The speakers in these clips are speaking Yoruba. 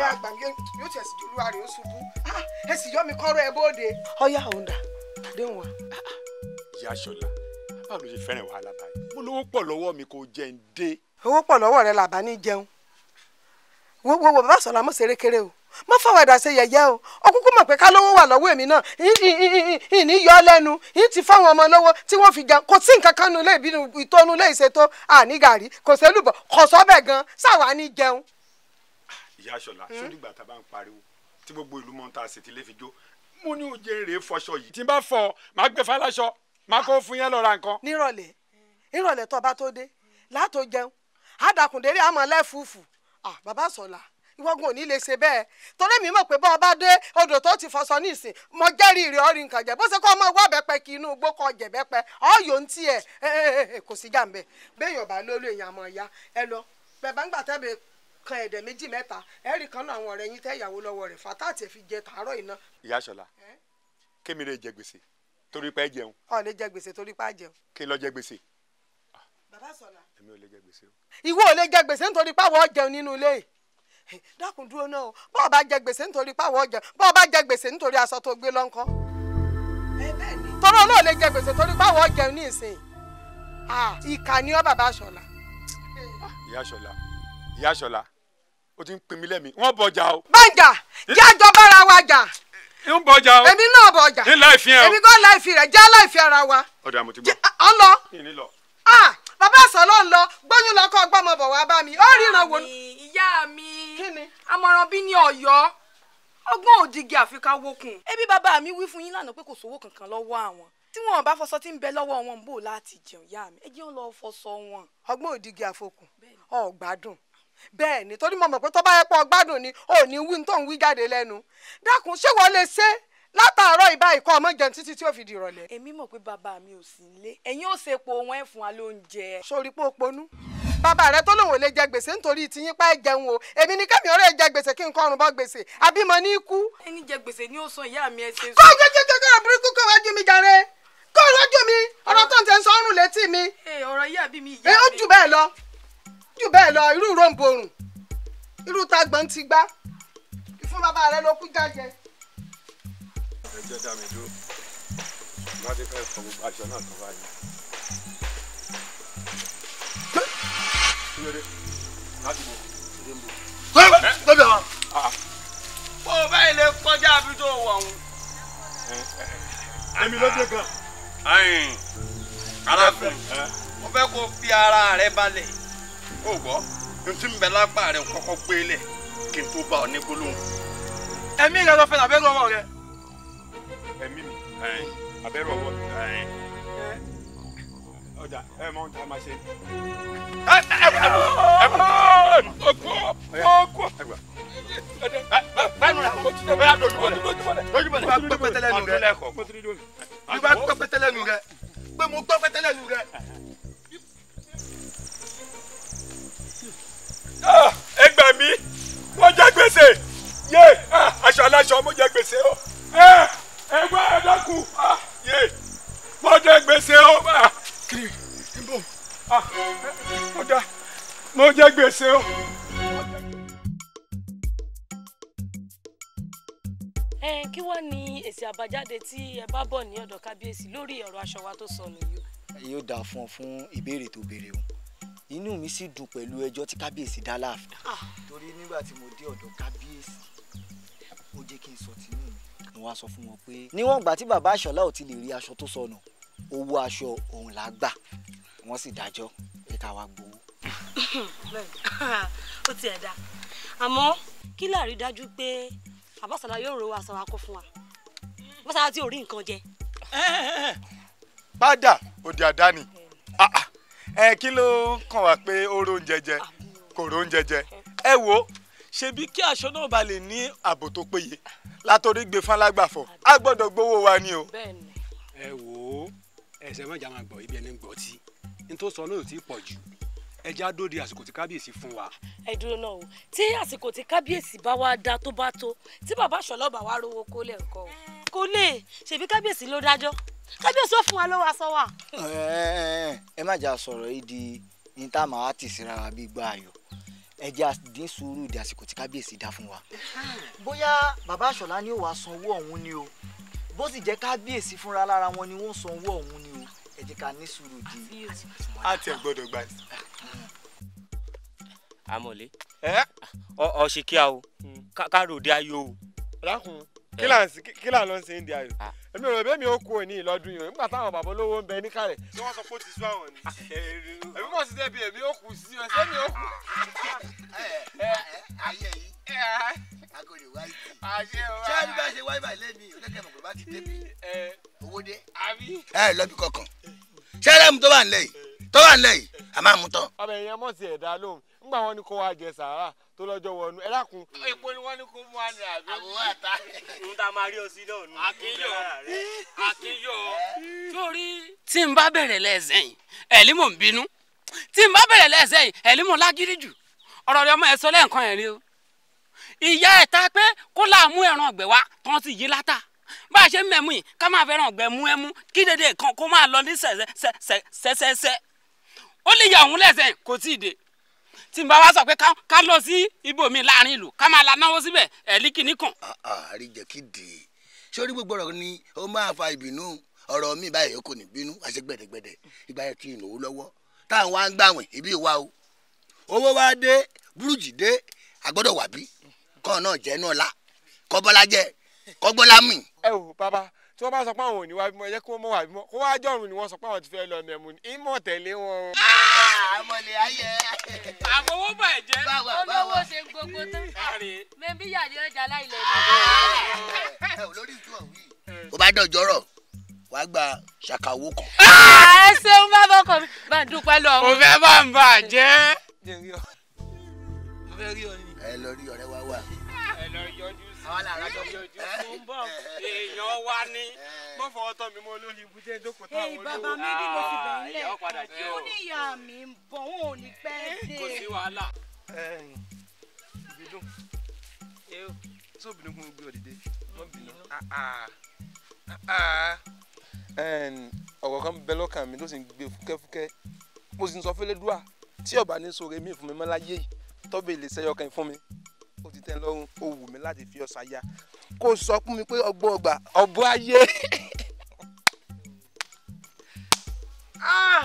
ẹ àgbàgbé yóò tiẹ̀ sì dolú àrè ó ṣubú ah, ẹ sì yọ mi kọ́rọ́ ẹ bóde. ọyá òǹdà àdéhùn wa. Ah, ah. ìyá aṣọlá báwo ló ṣe fẹ́ràn wàhálà báyìí mo lówó pọ̀ lọ́wọ́ mi kò jẹ́ ń dé. owó pọ̀ lọ́wọ́ rẹ làbá ní jẹun wo wo wo bàbá sọlá mọ̀ ṣeré kéré o má fọwọ́ ẹ̀dá ṣe yẹ̀yẹ́ o ọkùnkùn mọ̀ pé ká lówó wà lọ́wọ́ èmi náà ìní yọ lẹ́nu ìní ti fáwọn ọmọ lọ́wọ́ tí wọ́n fi gan kò sí nǹkan kan nu ilé ìbínú ìtọ́nu ilé ìṣètò àní gàrí kò sẹ́lùbọ̀ kò sọ́bẹ̀ gan sáwa ní jẹun ìyá aṣọlá sódìgbà hmm? tá a bá ń pariwo tí gbogbo ìlú mọ́ ta sì ti lè fi jó mo ní oúnjẹ rèé fọṣọ yìí. tí n bá fọ màá gbé faláṣọ màá kó fún yẹn lọ ra nǹkan. nírọ̀lẹ́ nírọ̀lẹ́ tó bá tó dé látò jẹun àdàkùndéré àmọ́ lẹ́fùfù ah bàbá sọ̀la ìwọ́gun ò ní lè ṣe bẹ́ẹ̀ torí mi mọ̀ pé bá ọba dé odò tó ti fọṣọ ní ìsìn mo jẹ́rìí ìrì ọ̀rìn kan jẹ́ bó ṣe kọ́ ọmọ ìwọ́ bẹ́pẹ kí inú igbó kan jẹ́ bẹ́pẹ ọ̀yọ́ ń tiẹ̀ eh, eh, eh, kò sí jàǹbẹ́ bẹ́ẹ̀ yọ̀bá lólu èèyàn àmọ́ ìyá ẹ lọ bẹ̀bá ń gbà tẹ́bẹ̀ẹ́ kan ẹ̀dẹ̀ méjì mẹ́ta ẹ̀rì kan náà àwọn ọ̀rẹ́ yín tẹ́ ìyàwó lọ́wọ́ rẹ̀ fata àti ẹ̀fi jẹ tàárọ̀ iná. ìyá sọlá kémi lè jẹ gbèsè torí pé jẹun. ọ lè jẹ gbèsè torí pé jẹun. kí lọ jẹ gbèsè. bàbá sọlá. èmi ò lè jẹ gbèsè o. ìwọ ò lè jẹ gbèsè nítorí pé àwọn nínú ilé dákun dúró náà o bọ́ọ̀ bá jẹ gbèsè nítorí pàwọ́ jẹ bọ́ọ̀ bá jẹ gbèsè nítorí aṣọ tó gbé lọ́nkọ́. tọ́lọ́ náà ni ọ́ bàbá o ti ń pin mi lẹ́mi wọ́n bọjà o. bàjá jájọ bára wa jà. n bọjà o èmi náà bọjà ní láìfi ẹ o èmi kò láìfi rẹ já láìfi ara wa. ọ̀dà mo ti gbọ́ ọ lọ. kí ni lọ. ah bàbá sọlọ ń lọ gbóyún lọkọ ọgbọmọ bọ wá bá mi ó ríran wo. ìyá mi kí ni àmọ̀ràn bí ní ọ̀yọ́ ọgbọ́n òdìgí àfikà wókun. ebi bàbá mi wí fún yín lánàá pé kò sówó kankan lọ́wọ́ àwọn tí wọn bá fọṣọ tí ń bẹ lọ́wọ́ wọn bò láti jẹun yá mi ẹ jẹun lọ fọṣọ wọn. ọgbọ́n òdìgí àfokùn ọ̀ gbádùn bẹ́ẹ̀ ni torí mo mọ̀ pé tó bá yẹ pọ̀ gbádùn ni ò ní wí tó ń wí jáde lẹ́nu dákun ṣé wọ́n lè ṣe látàárọ̀ ìbá ìkọ́ ọmọ jẹun títí tí ó fi di ìrọ̀lẹ́. èmi mọ̀ pé bàbá mi ò sí ilé ẹ̀yin ò ṣe epo wọn ẹ̀ fún wa lóúnjẹ. sori pé o ponú bàbá rẹ tó lòun ò lè jẹ gbèsè nítorí tiyín pa ẹ jẹun o èmi ní kẹ́mi ọ̀rẹ́ jẹ gbèsè kí n kọrùn bọ́ gbèsè àbímọ ní ikú. ẹni jẹ gbèsè ni ó sọ ìyá mi ẹ ṣe. kọ́ ọjọ́ jẹjẹ kọ́ra burúkú kọ́ wájú mi jàre kọ́ ọ̀rọ̀ jù mi ọ̀rọ̀ tó ń tẹ́ sọ́rùn létí mi. Eh, ọ̀rọ̀ yìí àbí mi ìyá eh, mi. ó jù bẹ́ẹ̀ lọ jù bẹ́ẹ̀ lọ irú ròǹbòrùn irú ta gbọ̀n ti gbá fún bàbá rẹ ló kú jáde. ẹjọ́ dá mi dúró má dé fẹ́ fọ gbogbo aṣọ náà tó ah. bá yẹ. lọ́dọ̀ wa. bó o báyìí lè kọjá àbí tó wọ̀ ọ́n. èmi ló dé gan. arákùnrin mo fẹ́ kó fi ara rẹ balẹ̀ o gbọ́ n ti bẹ lápá rẹ kọ́kọ́ gbé lẹ̀ kí n tó bá ọ ní gbólóhùn. ẹ̀mí rẹ lọ fẹ́ lábẹ́rẹ́ ọwọ́ rẹ. ẹ̀mí mi abẹ́rẹ́ ọwọ́ ọjà ẹ mọ ohun tí a máa ṣe. ẹ ẹ ẹ ẹ ọkọ ọkọ báyìí nà kò tún tẹ báyà lójúbọlẹ lójúbọlẹ lójúbọlẹ bá gbẹ pẹ̀tẹ́lẹ̀ nù rẹ bí bá gbẹ pẹ̀tẹ́lẹ̀ nù rẹ pé mo gbẹ pẹ̀tẹ́lẹ̀ nù rẹ. Ah, ẹ gbà mí mo jẹ gbèsè yé ah, aṣọ aláṣọ mo jẹ gbèsè o ah, ẹ wá ẹ dákun yé mo jẹ gbèsè o kiri nbọ mo da mo jẹ gbèsè o. ẹ kí wàá ní èsì àbájáde tí ẹ bá bọ̀ ní ọ̀dọ̀ kábíyèsí lórí ọ̀rọ̀ aṣọ wa tó sọnù yìí. yóò dáa fún ọ fún ìbéèrè tó béèrè o inú mi sì dùn pẹ̀lú ẹjọ́ tí kábíyèsí dá láàfin ah. torí nígbà tí mo dé ọ̀dọ̀ kábíyèsí ó jẹ́ kí n sọ tìǹbù mi. mo wá sọ fún wọn pé níwọ̀n ìgbà tí bàbá àṣọlá ò ti lè rí aṣọ tó sọnù owó aṣọ òun là á gbà wọ́n sì dájọ́ pé ká wá gbowó. ó tiẹ̀ dá àmọ́ kí láàrí dájú pé àbọ̀sàlá yóò ro aṣọ wa kó fún wa bọ́sàlá tí ò rí nǹkan jẹ. padà òde àdáni. Ah, ah ẹ kí ló ń kàn wá pé ó rò ń jẹjẹ kò rò ń jẹjẹ ẹ wo ṣebí kí aṣọ náà ba lè ní ààbò tó péye látọrí gbé falágbàfọ a gbọ́dọ̀ gbowó wa ni o. ẹ wo ẹsẹ mọjà máa gbọ́ ibi ẹni gbọ́ tí n tó sọ lóòótọ́ pọ̀ jù ẹja dóde àsìkò tí kábíyèsí fún wa. ẹ dúró náà o tí àsìkò tí kábíyèsí bá wa da tó bá tó tí bàbá aṣọ lọ́ba wa rówó kólẹ̀ ńkọ́ kólẹ̀ ṣebí kábíyèsí ló dájọ́ kábíyèsí ó fún wa lọ́wọ́ aṣọ wa. ẹ má jà sọ̀rọ̀ yìí di ní tá a máa wá tì síra wa bí gbá ayọ̀ ẹ jẹ́ àdín sùúrù di àsìkò tí kábíyèsí dá fún wa. bóyá bàbá àṣọlá ni ó wàá san owó ọ̀hún ni o bó sì jẹ́ kábíyèsí fúnra lára wọn ni wọ́n san owó ọ̀hún ni o ẹ jẹ́ ká ní sùúrù di. a tiẹ̀ gbọ́dọ̀ gbà ní. amọ̀lé ọ̀ṣìkíà o káròdé ayò o. lákùn kílà kílà ló ń ṣe india yìí èmi ò rò bẹ́ẹ̀ mi ò kú òní lọ́dún yìí nígbà táwọn bàbá olówó ń bẹ ní kàlẹ̀. tí wọ́n sọ pé ti sú àwọn ni. Ah, èmi kò sí débi èmi ò kú sí ọ sẹ́mi ò kú. ayé yìí agolo wáyé ṣé ẹni bá ṣe wáyé báyìí lẹ́mìí oníkẹ́ mọ̀gbọ́n bá ti débi owó dé. ẹ lọ́bí kankan ṣé ẹlẹ́mu tó wà ń lẹ̀ yìí tó wà ń lẹ̀ yìí ńgbà wọn ni kó wa jẹ sàárà tó lọ́jọ́ wọnú ẹ dákun. epo ni wọ́n ní kó mú wa ní àbí. àbúrò àta. n ta máa rí o sí náà nù. àkínyọ àkínyọ. sórí tí n bá bẹ̀rẹ̀ lẹ́sẹ̀ ẹ̀límọ̀ ń bínú tí n bá bẹ̀rẹ̀ lẹ́sẹ̀ ẹ̀límọ̀ lágírí jù ọ̀rọ̀ rẹ ọmọ ẹ̀ sọ lẹ́ẹ̀kan ẹ̀ o. ìyá ẹ̀ ta pé kó láà mú ẹran ọ̀gbẹ́ wá tán sì yí látà bá a ṣe ń mẹ́mú yìí ká máa fẹ́ràn ọ̀gbẹ́ tí n bá wá sọ pé ká lọ sí ibòmí láàrin ìlú ká máa la náwó síbẹ̀ ẹ̀lí kìíní kan. àríjẹ kìdí sórí gbogbo ọ̀rọ̀ ni ó máa fa ìbínú ọ̀rọ̀ mi báyìí kò ní bínú àṣẹ gbẹ̀dẹ̀gbẹ̀dẹ̀ ìgbà yẹn kí n lòó lọ́wọ́ táwọn wá ń gbàwìn ìbí wa o owó wa dé búrújì dé àgbọ́dọ̀ wà bí kọ́ náà jẹ́ náà la kọ́ bọ́lá jẹ́ kọ́ gbọ́lá mì. ẹ o bàbá tí wọ́n bá sọ pé àwọn ò ní wá bímọ ẹ jẹ́ kí wọ́n mọ̀ wá bímọ kó wá jọ̀rùn ni wọ́n sọ pé àwọn ti fẹ́ lọ mẹ́mu ni ìmọ̀ tẹ̀lé wọn. àmọ̀lẹ̀ ah, ayẹ. àfọwọ́ bà ẹ̀ jẹ́. olówó ṣe gbogbo tán. mẹ́bí yàrá ọjà láìlẹ̀ ní. Ah, olórí ìtura wí. ó bá dọ̀jọ́rọ̀ wàá gba ṣàkàwó kan. Ah, ẹ ṣeun bá bọkọ mi bá a dúpẹ́ lọ. mo fẹ́ bá ń bà jẹ́. ẹ lọ rí ọ̀rẹ́ wa wà. ẹ lọ yọjú èèyàn wa ni mo fọwọ́ tọ́ mi mọ́ lórí ibùdó ìjókòó tó àwọn olówó. bàbá mi bí mo ti bẹ̀rẹ̀ lẹ̀ mo ní ìyá mi ń bọ̀ wọn ò ní pẹ́ dé. kò sí wàhálà. ìbídùn tí obìnrin kún gbé òdìdé wọn bínú ah, ah. Ah, ọ̀rọ̀ kan bẹ lọ́kàn mi ló sì ń gbé fúkẹ́fúkẹ́ mo sì ń sọ fẹ́lẹ́dúà tí ọba ní sọ̀rọ̀ èmi fún mi mọ́ láyé tọ́bẹ̀ lè ṣẹyọ kan fún mi ó ti tẹ́ lọ́rùn ó wù mí láti fi ọ̀sà ya kó sọ fún mi pé ọgbọ́n ọgbà ọ̀bọ ayé. Ah!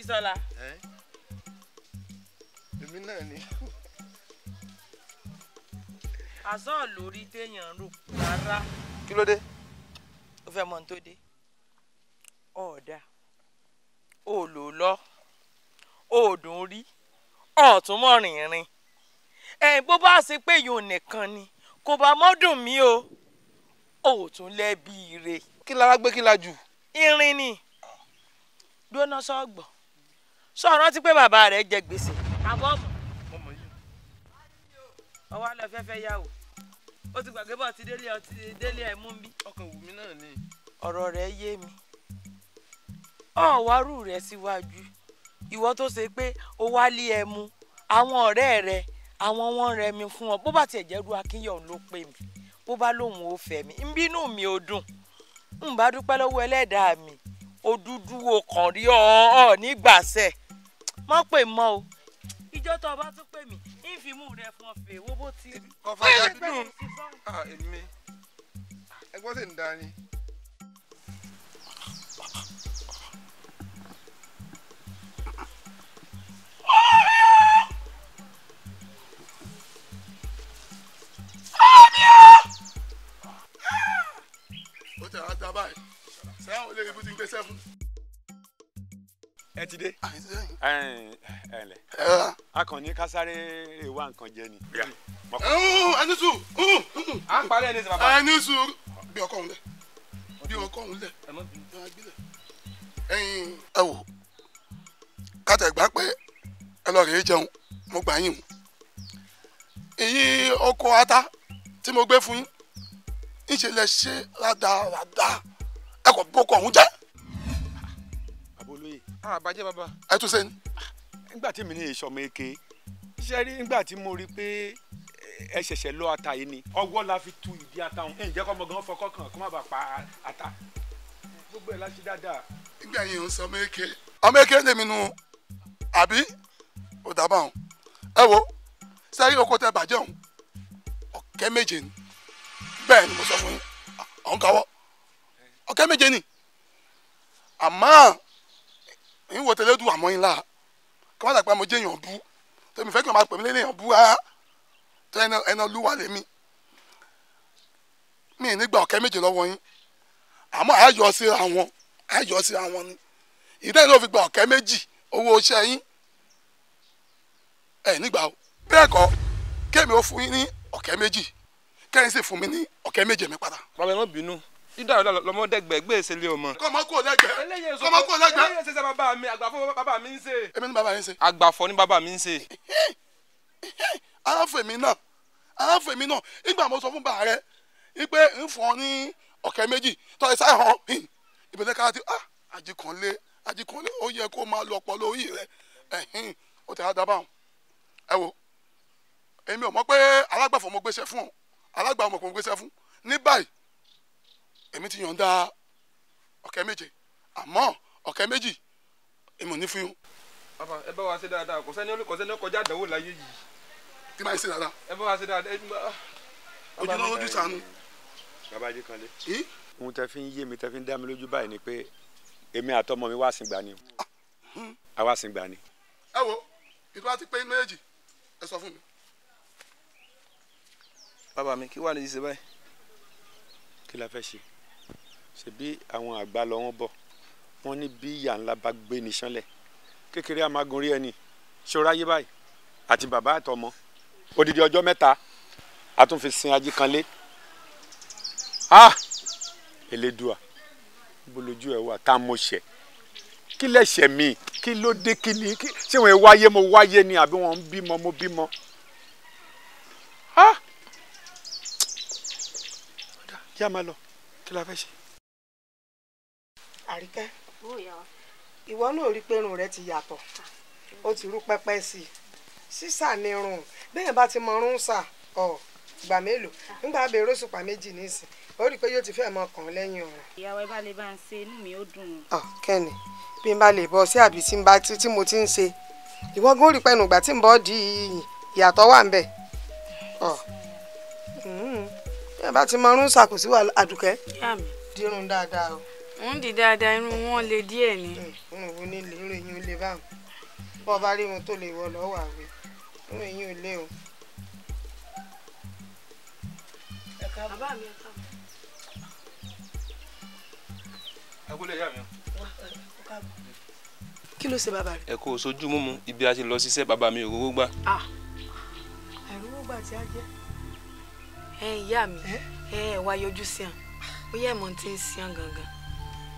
Ìsọ̀lá. èmi náà ni. àzọ́ lórí téèyàn rò rárá. kí ló dé. ó fẹ́ mọ̀ ní tó dé. ọ̀ọ́dà ó lò lọ ó dùn rí ẹ bó bá sì pé èèyàn nìkan ni kò bá mọ́dùn mí o ò tún lẹ́bi re. kí lára gbé kí la jù. irin ni gbóná sọ́gbọ̀ sọ rántí pé bàbá rẹ̀ jẹ gbèsè. àbọ̀ mọ̀ ọwọ́ lọ fẹ́fẹ́ yà wò ó ti gbàgbé bọ̀ ti délé ọtí délé ẹ̀ mú mi. ọkàn wù mí náà ni. ọ̀rọ̀ rẹ̀ yé mi ọ̀wárù rẹ̀ síwájú ìwọ tó ṣe pé ó wá lé ẹ mu àwọn ọ̀rẹ́ rẹ̀ àwọn wọn rẹ mi fún ọ bó bá tiẹ̀ jẹ́ ru akínyọ̀ ló pè mí bó bá lóun ò fẹ́ mi ń bínú mi ò dùn ń bá dúpẹ́ lọ́wọ́ ẹlẹ́dàá mi òdúdú ọkàn rí ọ ọ nígbàsẹ̀ má pè mọ́ o ìjọ tó o bá tún pè mí ń fi mú rẹ fún ọfẹ wo bó ti. kọfà yà dùn èmi ẹgbọ́n sì ń darí. olórí ibú ti gbé sẹ́fún. ẹ ti dé ah, ẹ ǹlẹ́ akànni ah. kásáré ìwà nǹkan jẹ ni. anusu oh, à mm, mm, mm. ń parẹ́ ẹni sí bàbá. anusu bí ọkọ òun lẹ bí ọkọ òun lẹ ẹyin ẹ wò kátẹ̀gbá pé ẹ lọ rèé jẹun mo gbà yín o èyí ọkọ̀ ata tí mo gbé fún yín ńṣe lẹ ṣe rádaràda ẹ kò bó kọ ọ̀hún jẹ́. àbólóyè ah, àbájẹ́ bàbá. ẹ tún sẹ́yìn. nígbà tí mi ní ìṣọmọ eke ṣe rí nígbà tí mo rí i pé ẹ ṣẹ̀ṣẹ̀ lọ ata yìí ni ọwọ́ la fi tu ìdí ata òun ẹ̀ kọ́ ọmọ fọkọ́ kàn kó má bàa pa ata gbogbo ẹ̀ láti dáadáa. nígbà yìí ń sọ ọmọ eke ọmọ eke lèmi nu àbí ó dábàá òun ẹ wo sẹ́yìn oko tẹ bàjẹ́ òun ọ̀kẹ́ méje ni bẹ́ẹ̀ ni mo sọ fún yín ọ̀hún ọ̀kẹ́ méje ni àmọ́ ń wo tẹ́lẹ̀ dùn àmọ́ yín la kí wọ́n dàgbà mo jẹ́ èèyàn bú tẹ́mi fẹ́ kí wọ́n máa pè mí lẹ́yìn èèyàn bú á tó ẹnà olúwa lèmi mi nígbà ọ̀kẹ́ méje lọ́wọ́ yín àmọ́ àyọ̀ síra wọn àyọ̀ síra wọn ni ìdá yìí ló fi gba ọ̀kẹ́ méjì owó iṣẹ́ yín ẹ̀ nígbà o bẹ́ẹ̀ kọ́ kémi ó fún yín ní ọ̀kẹ́ méjì kẹ́yìn sì fún mi ní ọ̀kẹ́ méje mi padà. bàbá ẹ má bínú dídá ọ̀dà lọ́mọdẹ́gbẹ́ gbèsè lé o mọ. kọ́mọ kò lẹ́gbẹ́ kọ́mọ kò lẹ́gbẹ́. eléyìí ṣe bàbá mi àgbàfọ́ bàbá mi ń ṣe. èmi ni bàbá yín ṣe. àgbàfọ́ ni bàbá mi ń ṣe. aráfẹ́ mi náà aráfẹ́ mi náà ìgbà mo sọ fún bàá rẹ wípé ń fọ ní ọ̀kẹ́ méjì tọ́ ẹ sáà hàn ìbẹ̀lẹ̀ kára ti ah àjìkànlé àjìkànlé ó yẹ kó máa lọ ọpọlọ orí rẹ ẹ̀hìn ó ti àdá báwọn ẹ wo èmi ò mọ̀ pé alágbàfọ̀ mo gbéṣẹ́ fún ọ alágbàfọ̀ mo gbéṣẹ́ fún ní báyìí èmi ti yọ̀ǹda ọ̀kẹ́ méje àmọ́ ọ̀kẹ́ méjì èmi ò ní fún yín. bàbá ẹ bá wa ṣe dáadáa kò sẹ́ni kò sẹ́ni kọjá àdánwò láyé yìí. kí máa ṣe dáadáa. ẹ bá wa ṣe dáadáa. ojú náà ojú sànú. bàbá ajé kan lé. ohun tẹ fi ń yé mi tẹ fi ń dá mi lójú báyìí ni pé èmi àtọmọ mi wá sìn gbà ni hmm. a wá sìn gbà ẹ wo ìtura ti pé méjì ẹ sọ fún mi. bàbá mi kí wàá ní ìṣe báyìí. kí la fẹ́ ṣe ṣebí àwọn àgbà lọ wọn bọ̀ wọn ní bí ìyá ńlá bá gbé ní sánlẹ̀ kékeré amagun rí ẹni ṣọ́ra yé báyìí àti bàbá àtọmọ odidi ọjọ́ mẹ́ta a tún fi sin ají kan lé ah elédùà bolojú ẹ wà tá a mọ ṣẹ kí lẹ̀ṣẹ̀ mi kí ló dé kí ni ṣé wọn wáyé mo wáyé ni àbí wọn ń bímọ mo bímọ ah yá máa lọ kí la fẹ́ ṣe àríkẹ́ ìwọ náà rí pé irun rẹ ti yàtọ̀ ah, ó ti rú pẹ́pẹ́ sí i sísà ni irun bẹ́ẹ̀ bá ti mọ irun sà ọ̀ gbà mélòó ah. nígbà abẹ́rẹ́ òṣùpá méjì nísìn ó rí i pé yóò ti fẹ́ mọ kàn lẹ́yìn ọ̀run. ìyàwó ẹ bá lè bá ń ṣe inú mi ó dùn. ọ kẹ́ni bí n bá lè bọ́ sí àbí tí mo ti ń ṣe ìwọ gan rí pẹ́nu ìgbà tí n bọ́ di ìyàtọ̀ wà ń bẹ̀ ọ hmm. bẹ́ẹ̀ bá ti mọ irun sà kò sí àdùkẹ́ dirun dáadáa o ń di dáadáa irun wọn le díẹ̀ ni. Hmm, irun wo ni lè irun yín ò lè bá wọn bọ́ ọ bá rí irun tó lè wọ lọ́wọ́ àwẹ̀ irun yín ò lè o. kí ló ṣe bàbá rẹ. ẹ kó sojú mímu ibi a ti lọ ṣiṣẹ́ bàbá mi ò gbà. àìrówó gbà tí a jẹ́. ẹ ìyá mi ẹ wá yọjú sí àn ó yẹ mọ̀ tí ń sí àn gangan.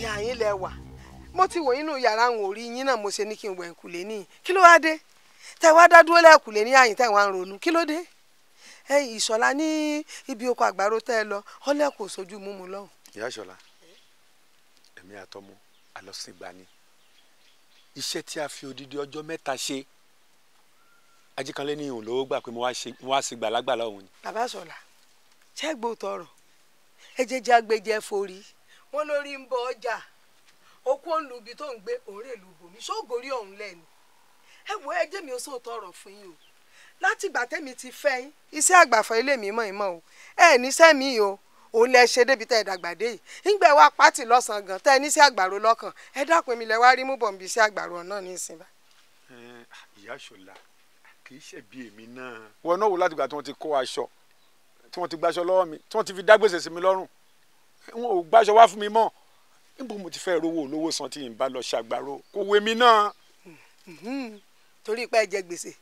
ìhà yín lẹ wà mo ti wò nínú yàrá àwọn òrí yín náà mo ṣe ní kí n wẹ̀ ń kùlé níyìn kí ló wá dé tẹ dá dúró lẹ́ẹ̀kùlé ní àyìn tẹ ń ronú kí ló dé ẹ ìṣọ̀lá ní ibi oko àgbàro tẹ ẹ lọ ọlẹ́ kò sojú múmu lọ́hùn. ìyá ìṣọ̀lá èmi àtọmọ alọ́sìngbà ni iṣẹ́ tí a fi odidi ọjọ́ mẹ́ta ṣe ajíkanlé ní ìhùn lówó gbà pé mo wá sí gbàlagbàlà òun ni. bàbá sọlá ṣẹ́gbó tọrọ ẹ jẹ́ jẹ́ agbẹ́jẹ́ forí wọn lórí ń bọ ọjà okú òǹlù ibi tó ń gbé òórè ìlú bòmí ṣóògórí ọ̀hún lẹ́nu ẹ wo ẹ jẹ́ mi ó fún yín o láti ìgbà tẹ́mi ti fẹ́ yín iṣẹ́ àgbàfọ̀ ilé mi mọ̀ ìmọ̀ o ẹ níṣẹ́ mi o òun lẹ ṣe débi tẹ́ ẹ dàgbà dé yìí ńgbẹ wá pátì lọ́sàn gan tẹ́ ẹ níṣẹ́ àgbàro lọ́kàn ẹ dákun mi lẹ wá rí mú bọ̀m̀bì iṣẹ́ àgbàro náà ní ìsìn báyìí. Eh, ìyá ṣọlá kì í ṣẹ̀bi èmi náà. wọn náà láti ìgbà tí wọ́n ti kó aṣọ tí wọ́n ti gbaṣọ lọ́wọ́ mi tí wọ́n ti fi dá sí mi lọ́rùn wọn ò gbàṣọ wá fún mi mọ́ níbo mo ti fẹ́ rówó olówó san tí n bá lọ ṣàgbàro kò wé mi náà. Hmm. torí pé ẹ jẹ gbèsè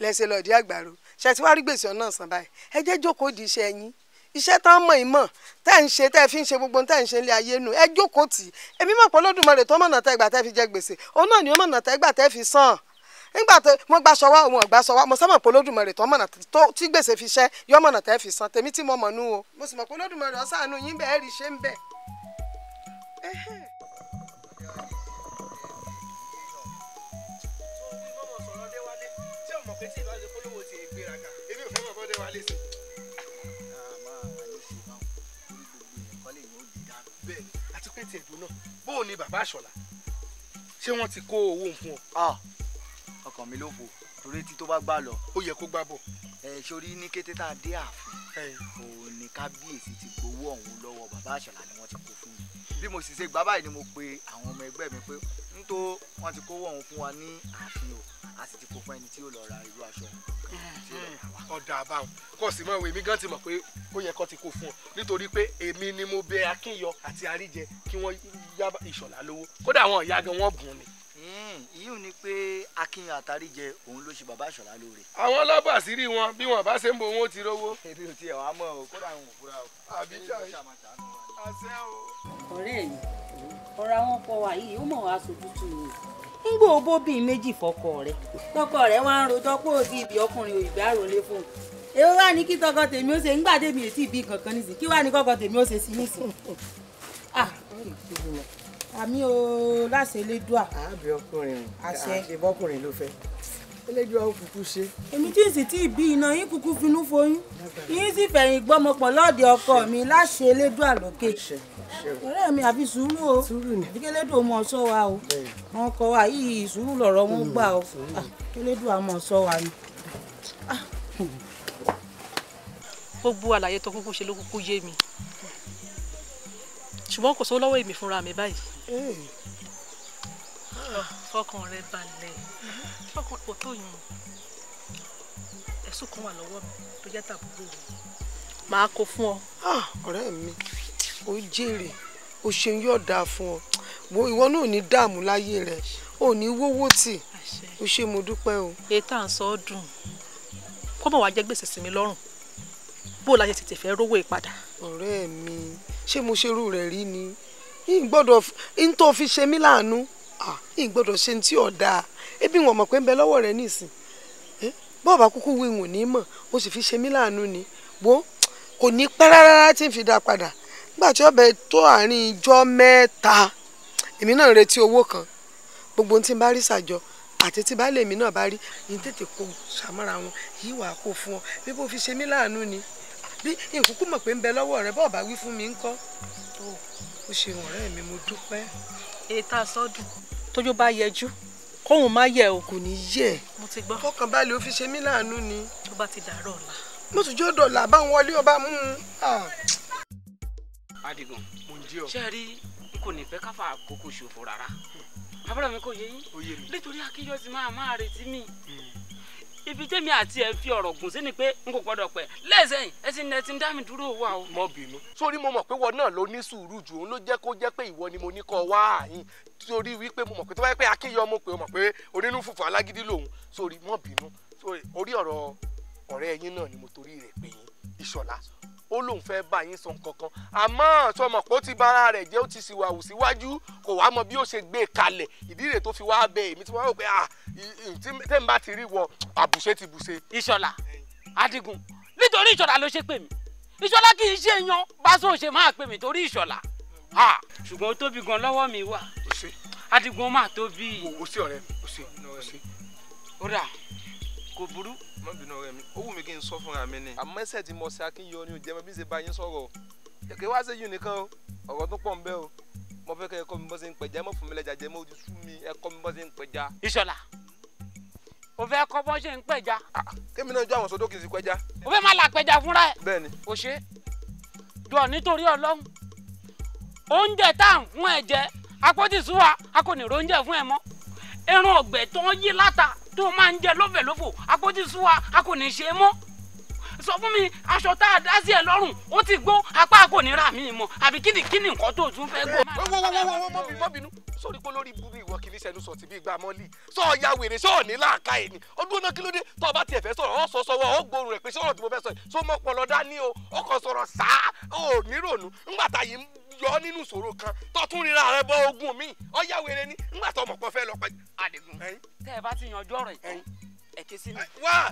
lẹsẹ lọdí àgbàro ṣe ti wá rí gbèsè ọ̀nà sàn báyìí ẹ jẹ́ jókòó di iṣẹ́ yín iṣẹ́ tán mọ̀ ìmọ̀ tẹ́ ń ṣe tẹ́ fi ń ṣe gbogbo tẹ́ ń ṣe ilé ayé nù ẹ jókòó tì í èmi mọ̀ pé Olódùmarè tó mọ̀nà tẹ́gbà tẹ́ fi jẹ gbèsè òun náà ni ó mọ̀nà tẹ́gbà tẹ́ fi san nígbà tó wọ́n gbà sọ wá òun ọ̀gbà sọ wá mo sábà pé Olódùmarè tó mọ̀nà tí gbèsè fi ṣẹ́ yọ mọ̀nà tẹ́ fi san tèmi tí mo mọ̀ nú o mo sì mọ̀ pé Olódùmarè ó ṣàánú yín bẹ́ẹ̀ rí ṣe ń bẹ̀. bẹ́ẹ̀ àti pé tí náà bóun ni bàbá àṣọlá ṣé wọ́n ti kó owó fún ọ. Ah ọkàn mi ló fò torí tí tó bá gbà lọ. ó yẹ kó gbà bọ̀. ẹ sori ní kété tá a dé ààfin òun ní kábíyèsí ti gbowó ọ̀hún lọ́wọ́ bàbá àṣàlà ni wọ́n ti kó fún mi bí mo sì ṣe gbà báyìí ni mo pe àwọn ọmọ ẹgbẹ́ mi pé n tó wọ́n ti kówó ọ̀hún fún wa ní ààfin o a sì ti kó fún ẹni tí yóò lọ ra irú aṣọ ọ̀hún. ọ̀dà àbáwọ̀ kò sí mọ́ èmi gan ti mọ̀ pé ó yẹ kó ti kó fún ọ nítorí pé èmi ni mo bẹ akínyọ àti àríjẹ kí wọ́n yá ìṣọ̀lá lówó kódà àwọn ìyá gan wọ́n bùn ni. Hmm, ìyíùn ni pé akin àtàrí jẹ òun ló ṣe bàbá àṣọlá lóore. àwọn alábàásírí wọn bí wọn bá ṣe ń bo wọn ti rówó. èmi ò tiẹ̀ wá mọ̀ o kódà àwọn òfúra o. àbí jọ̀ọ́ àṣẹ o. ọ̀rẹ́ yìí ọ̀rọ̀ àwọn ọkọ wa yìí ó mọ̀ wá sojú tù mí ń gbọ́ bóbìn méjì fọkọ rẹ tọkọ rẹ wá ń rojọ́ pé òbí ibi ọkùnrin òyìnbá rọlé fún un èwo wá ní kí tọkọ tèmi ó ṣe ńgbà tèmi ètí ìbí kankan nísìnyí kí wá ní kọkọ tèmi ó ṣe àmì o láṣẹ elédùà. àbí ọkùnrin àṣẹ ìbọkùnrin ló fẹ́ elédùà ó kúkú ṣe. èmi tí n sì tí ì bí iná yín kúkú finú foyún yín sì fẹ̀yìn gbọ́mọpọ̀ lọ́ọ̀dẹ ọkọ mi láṣẹ elédùà lókè ọ̀rẹ́ mi àfi sùúrù o àfi kẹlẹ́dùn ọmọ ọ̀ṣọ́ wa o wọn kọ wa yìí sùúrù lọ̀rọ̀ wọn gbà o ah, kẹlẹ́dùn ọmọ ọ̀ṣọ́ wa ni. Ah. gbogbo àlàyé tó kúkú ṣe ló kúkú yé mi ṣùgbọ́n kò sówó lọ́wọ́ èmi fúnra mi báyìí fọkàn rẹ balẹ̀ fọkàn kò tó yùn ẹ̀sùn kan wà lọ́wọ́ mi tó jẹ́ tàbúrò mi màá kó fún ọ. Ah, ọ̀rẹ́ mi ó jèrè ó ṣeun yóò dáa fún ọ wo ìwọ náà ní dààmú láyé rẹ ò ní wówó tì ó ṣe mo dúpẹ́ o. ètò à ń sọ ọ́ dùn kó bọ̀ wá jẹ́ gbèsè sí mi lọ́rùn bó o láyé tètè fẹ́ rówó ìpadà. ọ̀rẹ́ mi ṣé mo ṣerú rẹ̀ rí ni ìgbọ́dọ̀ ntọ́ fi ṣe mí láàánú ìgbọ́dọ̀ ṣe ti ọ̀dà ebi wọn mọ̀ pé ń bẹ lọ́wọ́ rẹ nísìn bọ́ọ̀bà kúkú wí wọn ní mọ̀ o sì fi ṣe mí láàánú ni wo kò ní pẹ́ rárá tí ń fi dá padà nígbà tí ọbẹ̀ tó àárín ijọ́ mẹ́ta èmi náà retí owó kan gbogbo tí n bá rí sàjọ àti tí baálé mi náà bá rí ní tètè kó sàmọ́ra wọn yìí wàá kó fún ọ bí bó fi ṣe mí láàánú ni bí ìkúkú mọ̀ pé ń bẹ lọ́wọ́ rẹ bọ́ọ̀bà wí fún mi ńkọ́ o ṣeun ọ̀rẹ́ mi mo dúpẹ́. ètò àsọdùn tójó bá yẹjú kóun má yẹ o. kò ní yẹ. mo ti gbọ́. kọkàn balẹ̀ ó fi ṣe mí láàánú ni. tó bá ti dàárọ̀ ọ̀la. mo tún jó dọ̀là báwọn wọlé ọba mú un. adigun mo ń jí ọ. ṣé ẹ rí n kò ní fẹ́ ká fa àkókò ṣòfò rárá. bàbá mi kò yẹ yín nítorí akíyọ́sí máa máa retí mi. Hmm ibi tẹ́mi àti ẹ fi ọ̀rọ̀ gùn sí ni pé n kò gbọ́dọ̀ pẹ́ lẹ́sẹ̀yìn ẹ ti nẹ ti ń dá mi dúró wa o. mo bínú sórí mo mọ̀ pé wọn náà ló ní sùúrù jù òun ló jẹ́ kó jẹ́ pé ìwọ ni mo ní kọ́ wá àyìn torí wípé mo mọ̀ pé tó bá yẹ pé akéyọ mo pè ó mọ̀ pé onínú fùfù alágídí lòun sórí mo bínú orí ọ̀rọ̀ ọ̀rẹ́ ẹ̀yin náà ni mo torí rẹ̀ pè ìṣọ̀lá ó lóun fẹ́ bá yín sọ kankan àmọ́ sọmọ kó ti bára rẹ̀ jẹ́ ó ti ṣìwàwù síwájú kò wá mọ bí ó ṣe gbé e kalẹ̀ ìdí rẹ̀ tó fi wá bẹ èmi tí wọ́n rò pé ah, tẹ́ ń bá ti rí wọ àbùṣe ti bùṣe. ìṣọ̀lá adigun nítorí ìṣọ̀lá ló ṣe pè mí ìṣọ̀lá kì í ṣe yan báṣọ ṣe máa pè mí torí ìṣọ̀lá ṣùgbọ́n ó tóbi gan lọ́wọ́ mi wà adigun máa tóbi. òwò ọ̀rẹ́ òsì òsì. ó kò burú má bínú ọ̀rẹ́ mi ó wù mí kí n sọ fúnra mi ni àmọ́ ẹsẹ̀ tí mo ṣe akínyọ ni ò jẹ́ bí ṣe bá yín sọ̀rọ̀ kẹ̀kẹ́ wá séyìn nìkan o ọ̀rọ̀ tó pọ̀ ń bẹ́ o mo fẹ́ kẹ́ ẹ kọ́ mi bó ṣe ń pẹja mọ́ fún mi lẹ́jà jẹ́ mọ́ ojú sú mi ẹ kọ́ mi bó ṣe ń pẹja. ìṣọ̀lá o fẹ́ kọ́ bó ṣe ń pẹja. Ah, ah. kémi náà jó àwọn sọdọ́ kì í sí pẹja. o fẹ́ máa là pẹja fúnra ẹ. bẹ́ẹ̀ni. o ṣe dùn nítorí Ọlọ́run oúnjẹ tá à ń fún ẹ jẹ akó a kò ní ro fún ẹ mọ́ irun ọ̀gbẹ̀ tó ń yí láta tó máa ń jẹ lọ́fẹ̀ lófò àpótí súwa a kò ní ṣe é mọ́ sọ fún mi aṣọ tá a dá sí ẹ lọ́rùn ó ti gbó apá kò ní ra mi mọ́ àbí kíni kíni nǹkan tó tún fẹ́ gbó. wọ́wọ́wọ́wọ́ mọ́ bínú mọ́ bínú sórí pé lórí ibùdó ìwọ kì í fi sẹnu sọ tìbí gba mọ́lì sọ ọ̀ya wèrè sọ ọ̀ní làákà ẹ̀ ni ọdún náà kí ló dé tó o bá tiẹ̀ fẹ́ sọ̀rọ̀ ọ̀ sọ sọ́wọ́ ọ̀ gbóòórùn rẹ̀ pé sọ̀rọ̀ tí mo fẹ́ sọ yìí sọ mọ́ pọlọ dání o ọkọ̀ sọ̀rọ̀ sáà ò níròònù ńgbàtà yìí ń yọ nínú ìṣòro kan tọ́tún ríra rẹ bọ ogun mi ọ̀yá wèrè ni ńgbà tó mọ̀ pọ̀ fẹ́ lọ pẹ̀lú. tẹ ẹ bá ti yanjú ọ̀rọ̀ yìí ẹ ké sí mi. wá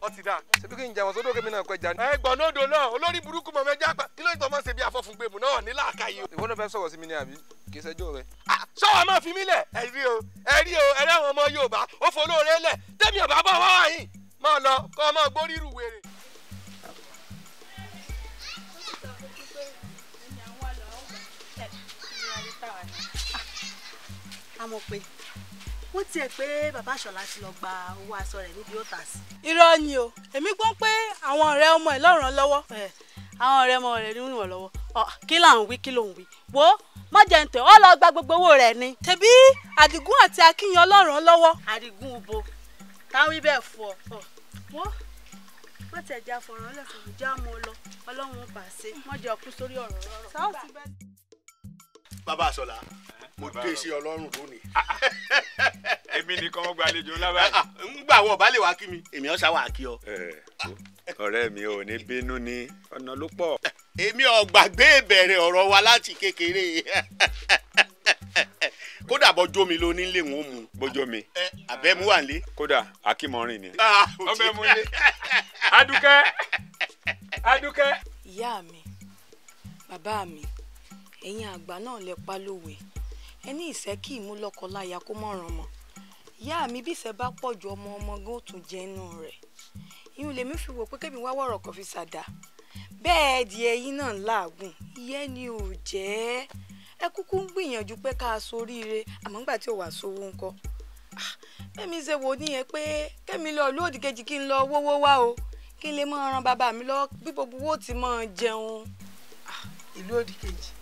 ọ ti ṣebí kí n jà wọn sódò kí mi náà kọ ẹja. ẹ gbọ́nà odò náà olórí burúkú mọ̀ mẹ́jà pa kí ló ń tọ́ mọ́ ṣe bí afọ́fun gbẹ̀mù náà ní làákà yìí. ìwọ náà fẹ́ sọ̀rọ̀ sí mi ni àbí kì í ṣẹjọ́ rẹ. sọ́wọ́n máa fi mí lẹ̀ ẹ rí o ẹ rí o ẹ rẹ́wọ̀n ọmọ Yorùbá ó folóore lẹ̀ tẹ́mi ọ̀bá bọ̀ wá wáyìn máa lọ kọ́ ọ máa gbórí ìrù wèrè. a mọ̀ pé wọ́n tiẹ̀ pé bàbá àṣọlá ti lọ gba owó aṣọ rẹ̀ níbi ó tà sí. irọ́ ni o èmi gbọ́ pé àwọn ọ̀rẹ́ ọmọ ẹ̀ lọ́ràn lọ́wọ́ àwọn ọ̀rẹ́ ọmọ rẹ̀ ní ìwọ̀n lọ́wọ́ kí là ń wí kí ló ń wí wo má jẹ́ ntẹ̀ ọ́ lọ gba gbogbo owó rẹ̀ ni. tẹ̀bí àdìgún àti akíyan lọ́ràn lọ́wọ́. àdìgún bo táwọn ibẹ̀ fọ wo wọ́n tẹ̀ já fọ̀rọ̀ lẹ́fọ̀ọ́ já mọ́ lọ ọlọ́run bàṣẹ mọ́jọ́ kú sórí ọ̀rọ̀ rọ̀rọ̀. bàbá àsọlá mo dé sí ọlọ́run lónìí. èmi ni mo gbàlejò lábàá yìí. ń ah, ah, gbà wọ ọba lè wá kí mi èmi ọ̀sà wà kí ọ. Eh, ọ̀rẹ́ mi ò ní bínú ni ọ̀nà ló pọ̀. Eh, èmi ò gbàgbé ìbẹ̀rẹ̀ ọ̀rọ̀ wa láti kékeré kódà bọjọ mi ló nílé wọn mu. bọjọ mi. Eh, abẹ́ mu wà nílé. kódà akínmọ́rin ni. Ah, ọbẹ̀ mu nílé. adúkẹ́ adúkẹ́. ìyá mi bàbá mi ẹ̀yin àgbà náà lẹ pa lówe ẹ ní ìṣẹ́ kí ìmú lọ́kọ láya kó mọ̀ràn mọ̀ ìyá mi bí ìṣẹ́ bá pọ̀ ju ọmọ ọmọ gan ó jẹ́ inú rẹ̀ ìyún lèmi fi wò pé kébì wá wọ̀rọ̀ kan fi ṣàdá bẹ́ẹ̀ di ẹyin náà láàgùn ìyẹ́ ni ò jẹ́ ẹ kúkú ń gbìyànjú pé ká a soríire àmọ́ nígbà tí ò wà sówó ńkọ́ bẹ́ẹ̀mi ah, ṣe wò níyẹn pé kẹ́mi lọ lóòdì kejì kí n lọ wówó wá o kí n lè máa ran bàbá mi lọ bí gbogbo owó ti máa jẹun. Ah, ìlú òdì kejì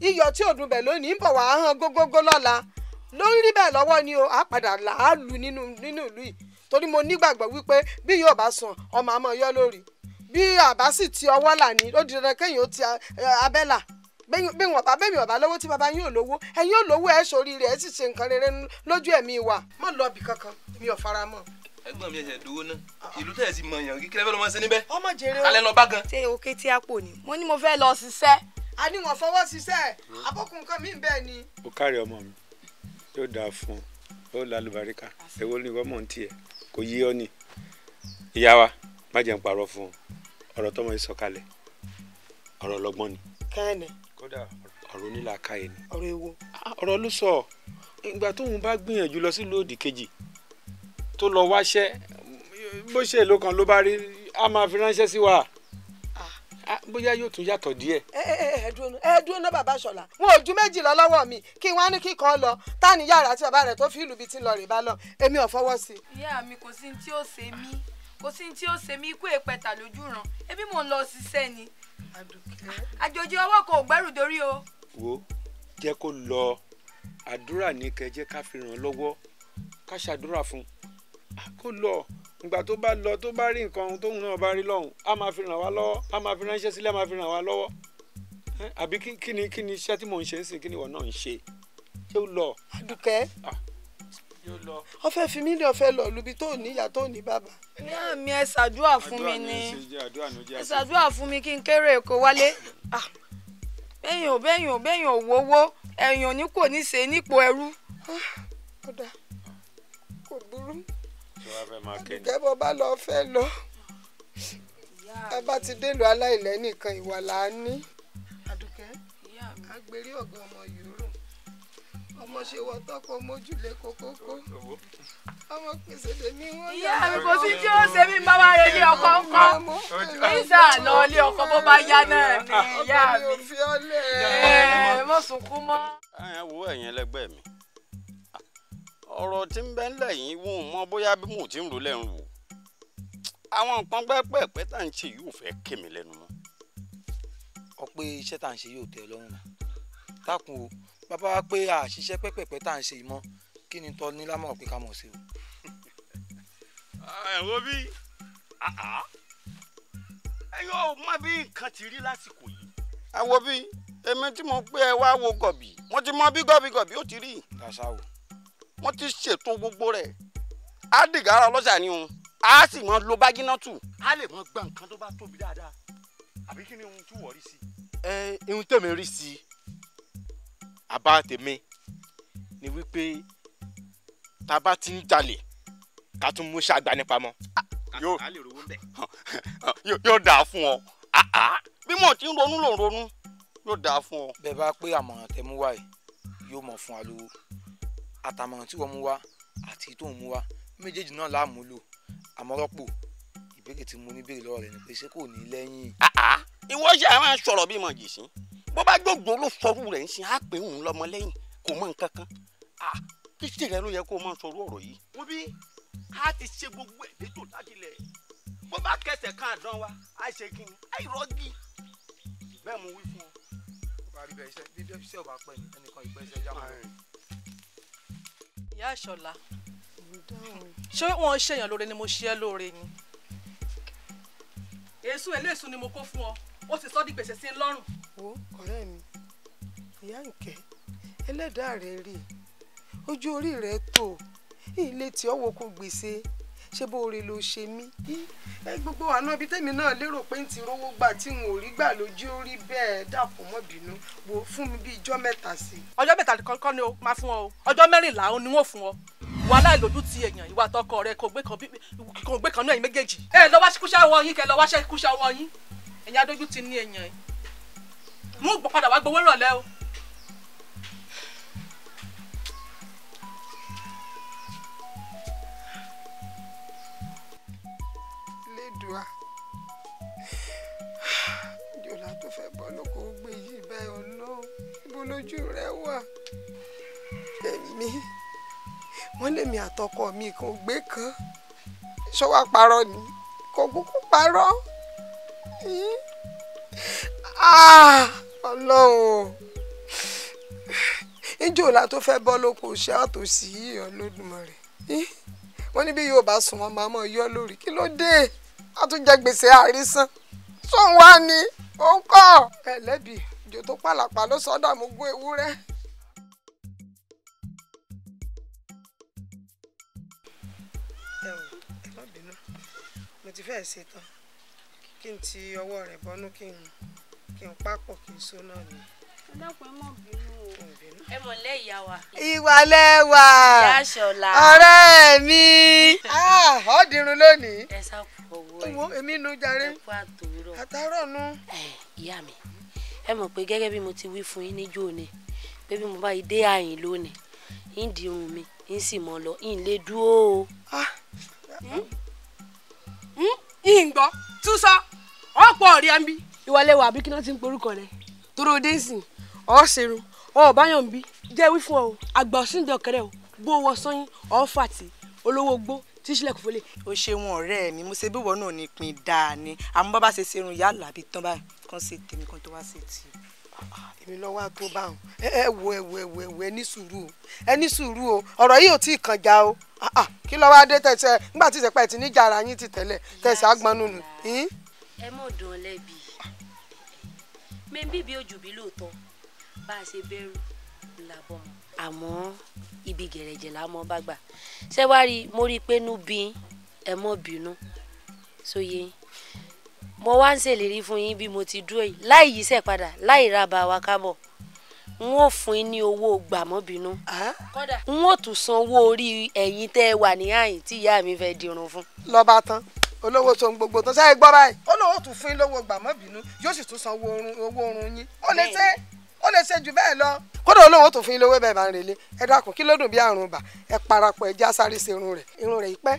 iyọ̀ tí ò dùn bẹ̀ lónìí ń bọ̀ wá hàn gógógó lọ́la ló bẹ́ẹ̀ lọ́wọ́ ni o á padà làálù nínú nínú ìlú yìí torí mo nígbàgbọ́ wípé bí yóò bá sàn ọmọ àmọ́ yọ lórí bí àbá sì ti ọwọ́ là ní ó di dandan kéèyàn ó ti abẹ́là bí wọn bá bẹ́ẹ̀ mi ọ̀bá lówó tí baba yín ò lówó ẹ̀yin ò lówó ẹ̀ sórí rẹ̀ ẹ̀ sì ṣe nǹkan rere lójú ẹ̀mí wa mọ̀ lọ bì kankan mi ò fara mọ́ ẹ̀gbọ́n mi ẹsẹ dúró ná ìlú tẹ ẹ ti mọ èèyàn kíkẹrẹ fẹ lọ mọ ṣe níbẹ̀. ọmọ jèrè o kálẹ̀ lọ bá gan. ṣé òkè tí a pò mo ní mo fẹ́ lọ ṣiṣẹ́ a ní wọn fọwọ́ ṣiṣẹ́ àbọ̀kùn nǹkan mi bẹ́ẹ̀ ni. o kárí ọmọ mi yóò dáa fún ọ yóò lálùbáríkà èwo ni ìwọ mọ̀ ń tiẹ̀ kò yí ọ ni ìyá wa má jẹ́ n parọ́ fún ọ ọ̀rọ̀ tọmọ yìí sọ̀kalẹ̀ ọ̀rọ̀ ọlọ́gbọ́n ni. kẹ́hìnì. kódà ọ̀rọ̀ onílàákàyè ni. ọ̀rọ̀ èwo. Ah, ọ̀rọ̀ ló sọ ìgbà tóun bá gbìyànjú lọ sí lóòdì kejì tó lọ wáṣẹ́ bó ṣe èlò kan ló bá rí a máa fi ránṣẹ́ sí wa. Ah, bóyá yóò tún yàtọ̀ díẹ̀. ẹ eh, ẹ eh, eh, ẹ dúró ẹ dúró ná bàbá ṣọlá wọn ò ju méjì lọ lọ́wọ́ mi kí wọn á ní kíkan lọ tani yàrá tí bàbá rẹ tó fi ìlú bíi ti lọ rè bá lọ èmi ò fọwọ́ sí. ìyá mi kò sí tí ó ṣe mí kò sí tí ó ṣe mí ikú èpẹ̀tà lójú ràn ẹbí mò ń lọ ṣiṣẹ́ ni. àjòjì ọwọ́ kò gbẹ́rù dórí o. wo jẹ́ kó lọ àdúrà ní kẹjẹ́ ká fi ràn lọ́wọ́ ká ṣàdúrà fún ah, kó lọ ìgbà tó bá lọ tó bá rí nǹkan tóun náà bá rí lọ́hùn á máa fi ràn wá lọ́wọ́ á máa fi ránṣẹ́ sílẹ̀ á máa fi ràn wá lọ́wọ́ àbí kí ni kí ni iṣẹ́ tí mò ń ṣe ń sìn kí ni ìwọ náà ń ṣe ṣé ah, ó lọ. Àdùkẹ́ ó fi mí lé ó lọ lubi tó ní tó ní bàbá. ní ẹ ṣàdúrà fún mi ni ẹ ṣàdúrà fún mi kí n kéré èkó wálé ah, bẹ́yìn ò bẹ́yìn ò bẹ́yìn ò wówó ẹ̀yìn kò ní ṣe nípò ẹrú. Ah, kò burú ìjẹ́bọ̀ bá lọ fẹ́ lọ ẹ bá ti délùú aláìlẹ́ nìkan ìwà là á ní. àdùkẹ́ agbèrè ọ̀gá ọmọ yòórò ọmọ ṣe wọ tọkọ mójúlé kókókó ọmọ pèsè lèmi wọn. ìyá mi kò sí tí ó ṣe mí bá wá rẹ ilé ọkọ ńkọ nígbà lọ ilé ọkọ bó bá yá náà ni ìyá mi ẹ mọ̀ sunkún mọ́. ẹ wo ẹ̀yin ẹlẹgbẹ́ mi ọ̀rọ̀ tí ń bẹ ńlẹ̀ yìí wọn ò mọ bóyá bí mo ti ń rò lẹ́nu wò àwọn nǹkan pẹ́ẹ́pẹ́ẹ́pẹ́ tá à ṣe yìí fẹ́ ké mi lẹ́nu mọ́. ọ pé iṣẹ́ tá à ṣe yìí ò lọ́rùn náà dákun o bàbá wa pé àṣìṣe pẹ́ẹ́pẹ́ẹ́pẹ́ tá à ṣe yìí mọ́ kí ni tọ́ ní lámọ̀ pé ká mọ̀ sí o. ẹ̀rọ bí ẹ yóò má bí nǹkan ti rí lásìkò yìí. ẹ wo bí èmi tí mo pé ẹ wá wo gọ̀bì mo ti mọ bí gọ̀bì gọ̀bì ó ti rí. dàṣà o wọ́n ti ṣètò gbogbo rẹ̀ á dìgárá ọlọ́ṣà ni òun á sì mọ lo bágínà tù. a lè mọ gba nǹkan tó bá tóbi dáadáa àbí kí ni ohun tí wọ́n rí sí. ẹ ihun tèmi rí sí àbá tèmi ni wípé tá a bá ti ń jalè ká tún mú ṣàgbà nípa mọ́ yóò dáa fún ọ ah, ah. bí mo ti ń ronú ló ń ronú yóò dáa fún ọ. bẹ́ẹ̀ bá pé àmọ̀ràn tẹ wáyé yóò mọ̀ fún wa àtàmọ̀ràn tí wọ́n mú wá àti tó ń mú wá méjèèjì náà láàmúlò àmọ́ rọ́pò ìbéèrè tí mo ní béèrè lọ́wọ́ rẹ̀ ni pé ṣé kò ní lẹ́yìn. ìwọ ṣe àwọn aṣọ̀rọ̀ bíi mọ̀ jìsín bó bá gbogbo ló sọrú rẹ̀ ń sin á pé òun lọ́mọ lẹ́yìn kò mọ nǹkan kan títí rẹ ló yẹ kó máa sọrú ọ̀rọ̀ yìí. mo bí a ti ṣe gbogbo ẹ̀ létò dájílẹ̀ bó bá kẹsẹ̀ kan àdán wa á ṣe kí ni á ìrọ́gí bẹ́ẹ̀ mo wí fún ọ. bó rí bẹ́ẹ̀ iṣẹ́ bí iṣẹ́ ò bá pẹ́ ẹnìkan ìgbésẹ̀ yá ìyá àṣọlá ṣé wọn ṣèyàn lóore ni mo ṣe é lóore ni èso eléso ni mo kó fún ọ ó sì sọ di gbèsè sí lọ́rùn. wo ọ̀rẹ́ mi ìyá ǹkẹ́ ẹlẹ́dàá rẹ̀ rí ojú orí rẹ̀ tó ilé tí ọ̀wọ́ kò gbèsè ṣé bóore ló ṣe mí. ẹ gbogbo àná ibi tẹ́mi náà lérò pé ń ti rówó gbà tí n ò rí gbà lójú ó rí bẹ́ẹ̀ dàpọ̀ mọ́ bínú wò fún mi bí ijọ́ mẹ́ta sí i. ọjọ́ mẹ́ta kọ́kọ́ ni o máa fún ọ o ọjọ́ mẹ́rìnlá ni wọ́n fún ọ wàhálà ìlójú ti èèyàn ìwà àtọkọ rẹ kò gbé kan náà yín méjèèjì. ẹ lọ wá ṣekúṣẹ́ ọwọ́ yín kẹ lọ wá ṣekúṣẹ́ ọwọ́ yín ẹ̀yin adójú ti ní èèyàn yìí. mú padà wá gbowó ìrọ̀lẹ́ o. elédùá jọlá tó fẹ́ bọ́ lóko ó gbé yìí bẹ́ẹ̀ ọlọ́run ibo lójú rẹ wà èmi wọ́n lèmi àtọkọ mi kò gbé kan ṣọwọ́ parọ́ ni kò kúkú parọ́ ah, ọlọ́run ìjọlá tó fẹ́ bọ́ lóko ṣe àtòsí ọlọ́dúnmọ̀ rẹ̀ wọ́n ní bí yóò bá sùn wọn máa mọ̀ yọ lórí kí ló dé a tún jẹ gbèsè àrísán sóun wá ní òun kọ́ ẹlẹ́bi ìjò tó pàlàpà ló sọ́dà mú gún ewúrẹ́. mo ti fẹ́ẹ́ ṣe tán kí n ti ọwọ́ rẹ̀ bọ́nú kí n pápọ̀ kí n so náà nìyẹn ìwàlẹ̀ wà ọ̀rẹ́ mi ah, ọ̀dìrún lónìí owó èmi nu jàre àtàrọ̀ nu. ìyá mi ẹ mọ̀ pé gẹ́gẹ́ bí mo ti wí fún yín níjó ni pé bí mo bá yí dé àyìn lónìí ń di irun mi ń sì mọ lọ ń lè dúró o. ìgbọ́ ah. hmm? hmm? tún sọ ọ̀pọ̀ ọ̀rẹ́ mi ìwàlẹ̀ wà bí kí wọ́n ti ń porúkọ rẹ̀ tó ròdé sìn ọ̀ ṣerun ọ̀ báyọ̀n bí jẹ́ wí fún ọ o àgbà ọ̀sìndẹ̀ ọ̀kẹ́rẹ́ o bó wọ sọ́yìn ọ̀ fàtì olówó gbó tí sílẹ̀ kò fọlé. o ṣeun ọ̀rẹ́ mi mo ṣe bí ìwọ náà ní pin dáa ni àmọ́ bàbá ṣe ṣerun yálà àbí tán báyìí kan ṣe tèmi kan tó wá ṣe tì í. èmi lọ wá tó bá wọn ẹ wo ẹ wo ẹ wo ẹ wo ẹ ní sùúrù o ẹ ní sùúrù o ọ̀rọ̀ yìí ò tí ì kan já o ah, ah, kí ló wá dé tẹ̀sẹ̀ nígbà tí ìṣẹ̀pẹ̀ ti níjà ara yín ti tẹ̀lẹ̀ tẹ̀sẹ̀ agbọnú nù. ẹ mọ̀ dùn lẹ́bi mẹ́bíbi ojú bí lóòótọ́ bá a ṣe bẹ̀rù làbọ̀ àmọ́ ibi gẹ̀rẹ́jẹ̀ là mọ́ bá gbà ṣé wàá rí mo rí i pé inú bí ẹ mọ́ bínú sóye mo wá ń ṣèlérí fún yín bí mo ti dúró yìí láì yíṣẹ́ padà láì ra bá wa kábọ̀ n ó fún yín ní owó gbàmọ́bínú n ó tún san owó orí ẹ̀yin tẹ́ ẹ wà ní àyìn tí ìyá mi fẹ́ dirun fún. lọ́ba tán olówó sọ gbogbo tán ṣáà gbọ́ báyìí. olówó tún fún yín lówó gbàmọ́bínú yóò sì tún san owó oorun yín ó lè ṣe é ó lè ṣe jù bẹ́ẹ̀ lọ kódà olóhùn tó fún yín lówó bẹ́ẹ̀ bá ń relé ẹ dákun kí ló dùn bí àrùn bà ẹ parapọ̀ ẹ já sáré ṣe irun rẹ̀ irun rẹ̀ ìpẹ́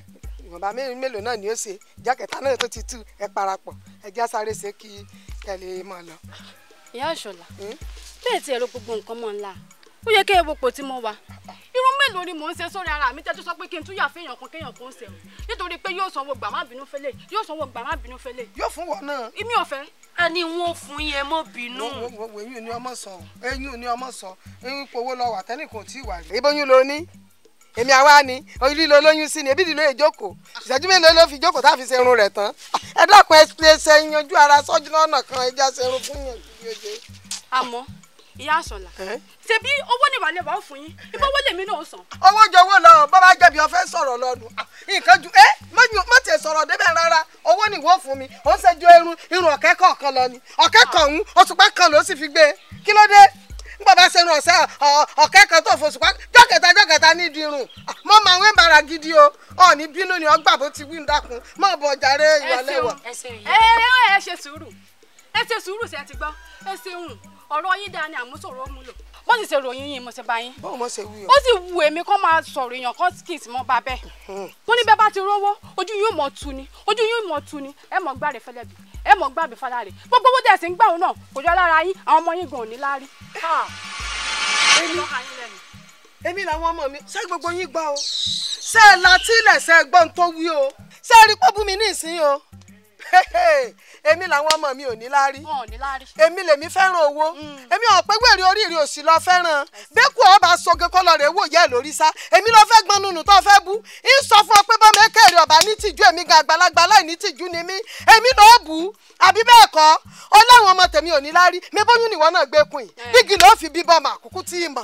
ìwọ̀nba mélòó náà ni ó ṣe jákẹ́tà náà tó ti tú ẹ parapọ̀ ẹ já sáré ṣe kí ẹ lè mọ̀ lọ. ìyá ọ̀ṣọ́lá bẹ́ẹ̀ hmm? tí ẹ ro gbogbo nǹkan mọ́ ńlá ó yẹ kí ẹ wo pò tí mo wà irun mélòó ni mò ń ṣe sórí ara mi tẹ́tú sọ pé kí n tún yà fẹ́yàn kan kéèyàn kan ń ṣe nítorí pé yóò sanwó gbà fẹ́lẹ̀ yóò sanwó gbà fẹ́lẹ̀. yóò fún wọn náà. èmi ò fẹ́ a ní wọn fún yẹn mọ bínú. eyín ò ní ọmọ sọ eyín ò ní ọmọ sọ eyín powó lọ wà tẹ́nì kò tí ì wà rí. ìbọn ló ní èmi àwa ni orí ló lóyún sí ni ebi dì ló yẹ jókòó ìṣẹ́jú mélòó ló fi jókòó tá a fi ṣerun rẹ̀ tán ẹ dákun ẹ ṣe yanjú ara sọ́jú lọ́nà kan ẹ já ṣerun fún yẹn. àmọ́ ìyá àṣọlá ṣebí owó ní ìbàlẹ̀ wà fún yín ìbọ̀wọ́ lèmi náà sàn. owó jọ lọ bàbá jẹbi ọfẹ sọ̀rọ̀ lọnu ah, nǹkan ju ẹ má sọ̀rọ̀ débẹ̀ rárá owó fún mi ó ń irun irun lọ ni ọ̀kẹ́ kan ló sì fi gbé e. kí ló dé bàbá kan tó fòṣùpá jọ́kẹ̀ta jọ́kẹ̀ta ní ìdírun ah, mọ mọ àwọn ìbára gidi o ọ̀ọ́ni bínú ni ọgbà bó ti wí ń dákun mọ ọ̀rọ̀ yín dáa ni àmúṣòro mú lò bó ti ṣe ròyìn yín mo ṣe bá yín. báwo mo ṣe wí o. ó sì wù èmi kó máa sọ̀rọ̀ èèyàn kan kì í sì mọ́ bá bẹ́ẹ̀. mo ní bẹ́ẹ̀ bá ti rówó ojú yóò mọ̀ tu ni ojú yóò mọ̀ tu ni ẹ mọ̀ gbàrè fẹlẹ́bì ẹ mọ̀ gbàbí fàlàrè gbogbo owó tẹ̀sí ń gbà òun náà kò jọ lára yín àwọn ọmọ yín gan ò láárí. èmi làwọn ọmọ mi ṣé gbogbo yín gbọ́ o ṣé ẹ la tílẹ̀ ṣe gbọ́n tó wí o ṣé rí pọ́bù mi ní ìsín o èmi làwọn ọmọ mi ò ní láárí èmi lèmi fẹ́ràn owó mm. èmi ò pé wèrè oríire òsì lọ fẹ́ràn bẹ́kù ọba soge kọ́lọ̀ rẹ̀ wò yẹ́ lórí sá èmi lọ fẹ́ gbọ́n nùnù tó fẹ́ bú ń sọ fún ọ pé bọ́mọ ẹkẹrẹ ọba ní tìjú èmi gan àgbàlagbà láì ní tìjú ni mí èmi lọ́ọ́ bù àbí bẹ́ẹ̀ kọ́ ọ láwọn ọmọ tèmi ò ní láárí mi bóyún nìwọ náà gbé kun yìí eh. bígì ló fi bíbọ mà kúkú tí ì mọ̀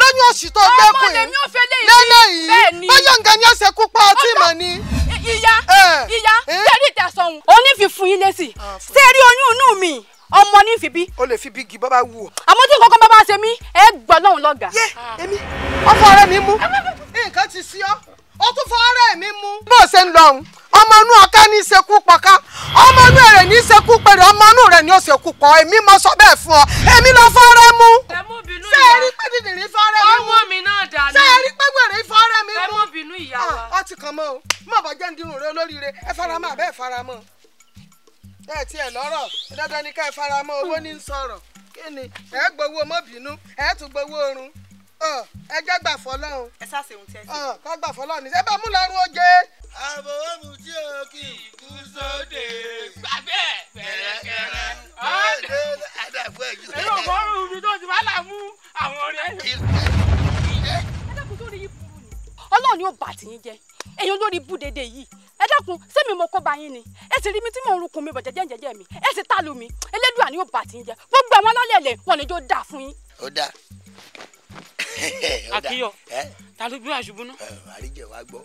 lóyún oṣù tó gbé kun yìí bóyá nǹkan ni ó ṣe kú pa ọtí mọ̀ ni. ìyá eh. ìyá bẹ́ẹ̀ ni ìtẹ̀sán òun onífi fún yín lésì ah, ṣé rí oyún inú mi ọmọ ní fi bí. o lè fi bí igi bàbá wù ọ. àmọ́ tí kankan bàbá ṣe mí ẹ gbọ́ lọ́hùn lọ́gàá. yé èmi ọkọ ọ̀rẹ́ mi mú nǹkan ti sí ọ ó tún fọ ọ̀rẹ́ mi mú. bó o ṣe ń lọrun ọmọ inú ọká ní í ṣekú pọká ọmọ inú rẹ ní í ṣekú pẹrẹ ọmọ inú rẹ ní ó ṣekú pọ èmi mo sọ bẹ́ẹ̀ fún ọ èmi lọ fọ ọ̀rẹ́ mú. ṣé ẹ rí pé dìdìrí fọ ọ̀rẹ́ mi mú. ọmọ mi náà dànù. ṣé ẹ rí pé gbèrè fọ ọ̀rẹ́ mi mú. ẹ mọ bínú ìyá wa. ọtí ah, kan mọ́ o mọ̀ bá jẹ́ ń dirun rẹ olóríire ẹ faramọ́ àbẹ́ ẹ faramọ́. ẹ tiẹ̀ lọ́rọ̀ dandan ni ká ẹ fara owó ní kí ni ẹ gbowó mọ́bìnú ẹ tún gbowó oorun ẹ jẹ́ gbà ọ ẹ sá ṣeun tí ẹ ṣe. ká gbà fọlọ́run ní sẹ́bà mú lọ́rùn oje. àbòwò mu tí o kì í kú sóde. gbàgbé kẹrẹkẹrẹ bọ́rù mi tó ti là mú àwọn ọ̀rẹ́ ẹ dákun tó rí yín ni ọlọ́run yóò bàtì yín jẹ èyí olórí bú dédé yìí ẹ dákun sẹ́mi mo kó ba ni ẹ sì rí mi tí mò ń rukun mi bọ̀ jẹ́jẹ́ jẹ́jẹ́ mi ẹ sì tá mi Elédùà ni yóò bà ń jẹ gbogbo àwọn alálẹ̀lẹ̀ wọn ni yóò dà fún yín. ó dáa àkíyọ ta ló bí àṣubú náà. àríjẹ wa gbọ́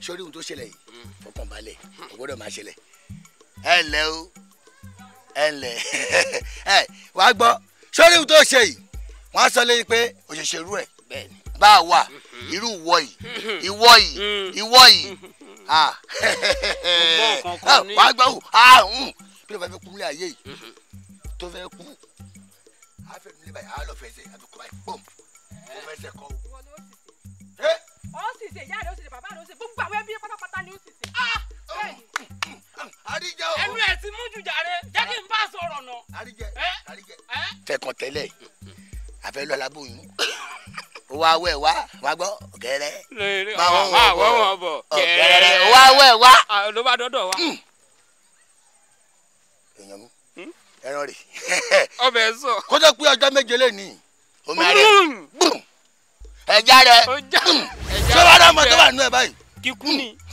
sórí ohun tó ṣẹlẹ̀ yìí hmm. fọkànbalẹ̀ hmm. kò gbọ́dọ̀ máa ṣẹlẹ̀ ẹ ǹlẹ́ o ẹ ǹlẹ́ ẹ wá gbọ́ sórí ohun tó ṣe yìí wọ́n sọ lẹ́yìn pé òṣèṣe irú ẹ̀ bá wà hmm. irú ìwọ yìí ìwọ yìí ìwọ yìí wà á gbà wò ahun bí ló bá fẹ́ kú ní ayé yìí mm-hmm. tó fẹ́ kú afẹ́ nílé báyìí á lọ fẹ́ ẹsẹ̀ àbí kọ́ báyìí pọ́ǹpù ó fẹ́ ẹsẹ̀ kọ́ o. ó sì ṣe ìyá rẹ̀ ó sì ṣe bàbá rẹ̀ ó sì ṣe gbogbo àwọn ẹbí pátápátá ni ó sì ṣe. Ah! Mm-hmm. àríjẹ o. ẹnu ẹ ti mú ju jàre jẹ́ kí n bá a sọ̀rọ̀ nà. àríjẹ àríjẹ fẹ́ kàn tẹ́lẹ̀ àfẹ́ lọ́la bóyún wá wẹ̀ wá wá gbọ́ gẹ́rẹ́ bá wọ́n wọ̀ bọ̀ ah, ah, gẹ́rẹ́ wá wẹ̀ wá. Ah, ló bá dọ́dọ̀ wa. Hmm. èèyàn mú hmm? ẹran rè. ọbẹ̀ sọ. kó tó pé ọjọ́ méje lè ní omi rẹ̀ hmm. ẹja rẹ̀ ṣé wàá dá ọmọ tó wà nínú ẹ báyìí. kíkú ni.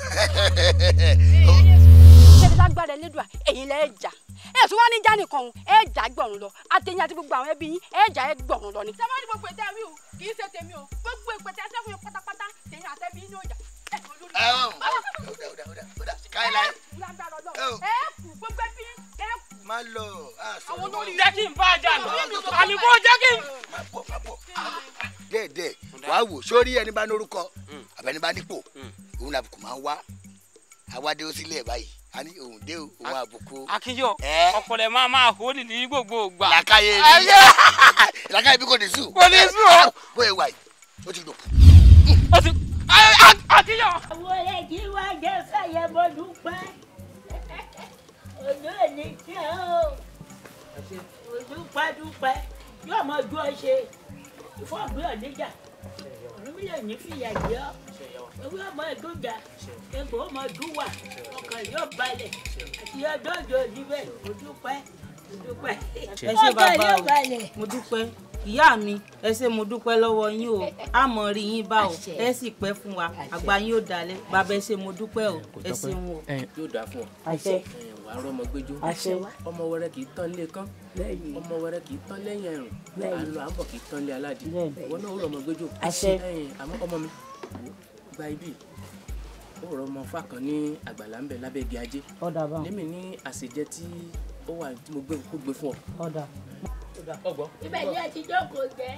ṣé ibi tá a gbára ẹ lédùá èyí lẹ́ẹ̀ jà ẹ tún wá ní já nìkan òun ẹ jà gbọ̀run lọ àtẹ̀yìn àti gbogbo àwọn ẹbí yín ẹ jà ẹ gbọ̀run lọ ni. sábà ní gbogbo ìtẹ́ mi o kì í ṣe tèmi o gbogbo ìpètè ẹsẹ̀ fún mi pátápátá tèyìn àtẹ́bí yín ní ọjà. ẹ kù gbogbo ẹbí ẹ kù. má lọ àwọn olórí. jẹ́ kí n bá a jà lọ àlùkò jẹ́ kí n. má bọ̀ má bọ̀ ah, déédéé wàá wò sórí ẹni bá lórúkọ hmm. àbẹ̀ni bá nípò hmm. òun làbùkù máa ń wá àwádé ó sílẹ̀ báyìí a ní òun dé òun àbùkù. akínyọ ọpọlẹ máa máa hó nìyí gbogbo ògbà. làkàyè ni làkàyè bí kò ní sùn. kò ní sùn o. bó e wà yìí ó ti dùn. ó ti akínyọ. àwọn ẹ̀jí wá jẹ́ fẹ́yẹ̀ mo dúpẹ́ òjò ní jẹ́ o òjò pẹ́dúpẹ́ yóò mọ ojú ọ ṣe ìfọ̀gbé ọ̀ òun mi ní fìyà jẹ́ ọ ewé ọmọ ìdúgà egbò ọmọ ìdúwà ọkàn yóò balẹ̀ àti ọjọ́ òjò níbẹ̀ mo dúpẹ́ ẹ ṣé bàbá o mo dúpẹ́ ìyá mi ẹ ṣé mo dúpẹ́ lọ́wọ́ yín o a mọ̀ rí yín bá o ẹ sì pẹ́ fún wa àgbà yín ò dalẹ̀ bàbá ẹ ṣé mo dúpẹ́ o ẹ ṣeun o. yóò dáa fún ọ wà á rọmọ gbẹjọ ọmọ wẹrẹ kì í tán lé kán ọmọ wẹrẹ kì í tán lẹ́yìn ẹrùn àlọ àbọ kì í tán lé aládìí ìwọ náà ó rọmọ gbẹjọ ọmọ mi gba ibi ó rọ ọmọ fákan ní àgbàlá ń bẹ lábẹ́ ajé lémi ní àṣejẹ tí ó wà tí mo gbé kó gbé fún ọ. ibẹ̀ ni ẹ ti jókòó jẹ́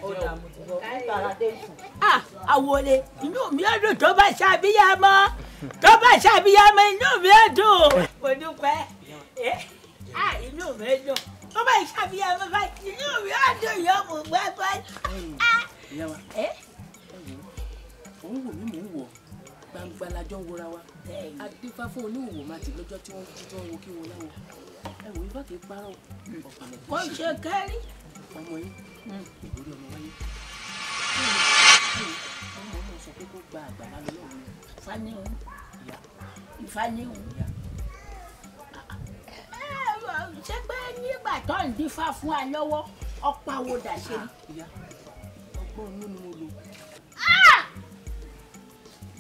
àwòlé inú mi ò dùn tó bá ṣàbíyamọ tó bá ṣàbíyamọ inú mi ò dùn mo dúpẹ́ eh, inú mi dùn tó bá ṣàbíyamọ inú mi ò dùn yóò mú gbẹ́gbẹ́. ìyá wa òun eh? wò mí mò ń gbangba la wora wa adífá oníwòwò máa ti lọ́jọ́ tí wọ́n jí tí wọ́n wo kí wọ́n láwọ̀ ẹ wò ifá kìí parọ́ kò ṣe kẹ́rí. ọmọ yín ìgbóni ọmọ wáyé ọmọ ọmọ sọ pé kó gba àgbàlá lọ́wọ́ mi. ìfani o ìfani o ṣé pé nígbà tó ń dífá fún wa lọ́wọ́ ọ̀pá wo dà ṣe ọgbọ́n inú ni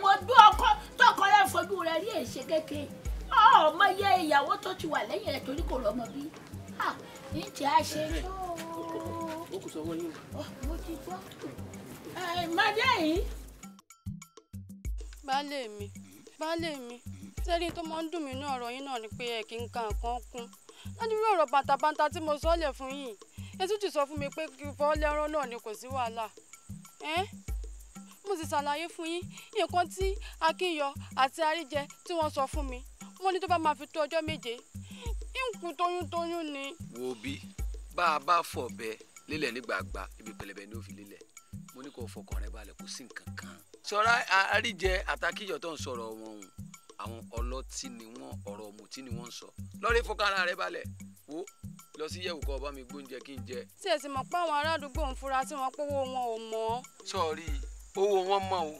mo gbé ọkọ tọkọ rẹ fojú rẹ rí èṣe kéke ọmọ yẹ ìyàwó tó ti wà lẹ́yìn rẹ torí kò rọmọ bí ní tí a ṣe tó. mo kò sọ wọ́n yín o. mo ti gbọ́. màdé yìí. baálé mi baálé mi sẹ́rí tó máa ń dùn mí ní ọ̀rọ̀ yín náà ni pé ẹ kì í ka nǹkan kún láti rí ọ̀rọ̀ bàtàbàtà tí mo sọ́lẹ̀ fún yìí ètùtù sọ fún mi pé kí n fọ́ lẹ́rán náà ni kò sí wàhálà mo sì ṣàlàyé fún yín nǹkan tí akínyọ àti àríjẹ tí wọ́n sọ fún mi wọ́n ní tó bá máa fi tó ọjọ́ méje ìkú toyúntoyún ni. wo bí bá a bá fọ̀bẹ lélẹ̀ nígbàgbà ibi pẹlẹbẹ ni ó fi lélẹ̀ mo ní kó o fọkàn rẹ balẹ̀ kó sí nǹkan kan. sọ̀rọ̀ àríjẹ àtàkìyọ̀ tó ń sọ̀rọ̀ wọn o àwọn ọlọ́tí ni wọ́n ọ̀rọ̀ ọ̀mùtí ni wọ́n ń sọ lórí fọkànra rẹ balẹ̀ wo lọ sí yẹ̀wù kan ọba mi gbóúnjẹ kí n jẹ. tí ẹ sì mọ̀ pé àwọn ará àdúgbò ń sí wọn pé owó wọn ò mọ́. sọ́ọ̀rì owó wọn mọ o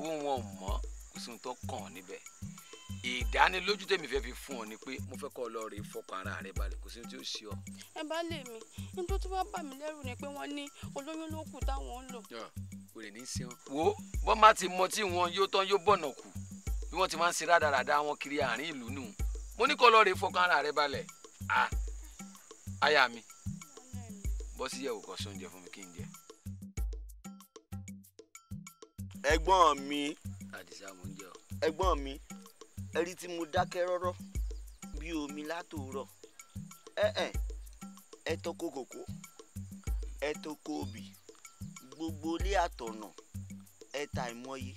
owó wọn ò mọ kò sí ohun tó kàn ọ́ níbẹ̀ ìdánilójú tèmi fẹ́ fi fún ọ ni pé mo fẹ́ kọ́ ọ lọ rè fọkàn ara rẹ balẹ̀ kò sí ohun tí ó ṣe ọ. ẹ bá lè mi nítorí tó bá bà mí lẹ́rù ni pé wọ́n ní olóyún ló kù táwọn ń lò. o lè ní í ṣeun. wo bọ́n má ti mọ tí wọn yóò tán yóò bọ̀nà kù bí wọ́n ti máa ń ṣe rádaràda wọn kiri àárín ìlú nù. mo ní kọ́ ọ lọ rè fọkàn ara rẹ balẹ̀. aya mi bọ́sí yẹ̀ wò kọ́ sóúnjẹ fún mi kí n ẹ̀gbọ́n mi ẹ̀gbọ́n mi ẹ̀rí tí mo dákẹ́ rọ́rọ́ bí omi látòórọ̀ ẹ̀ẹ́n ẹ tọko kòkó ẹ tọko obì gbogbo ilé àtọ̀nà ẹ ta ìmọ̀ye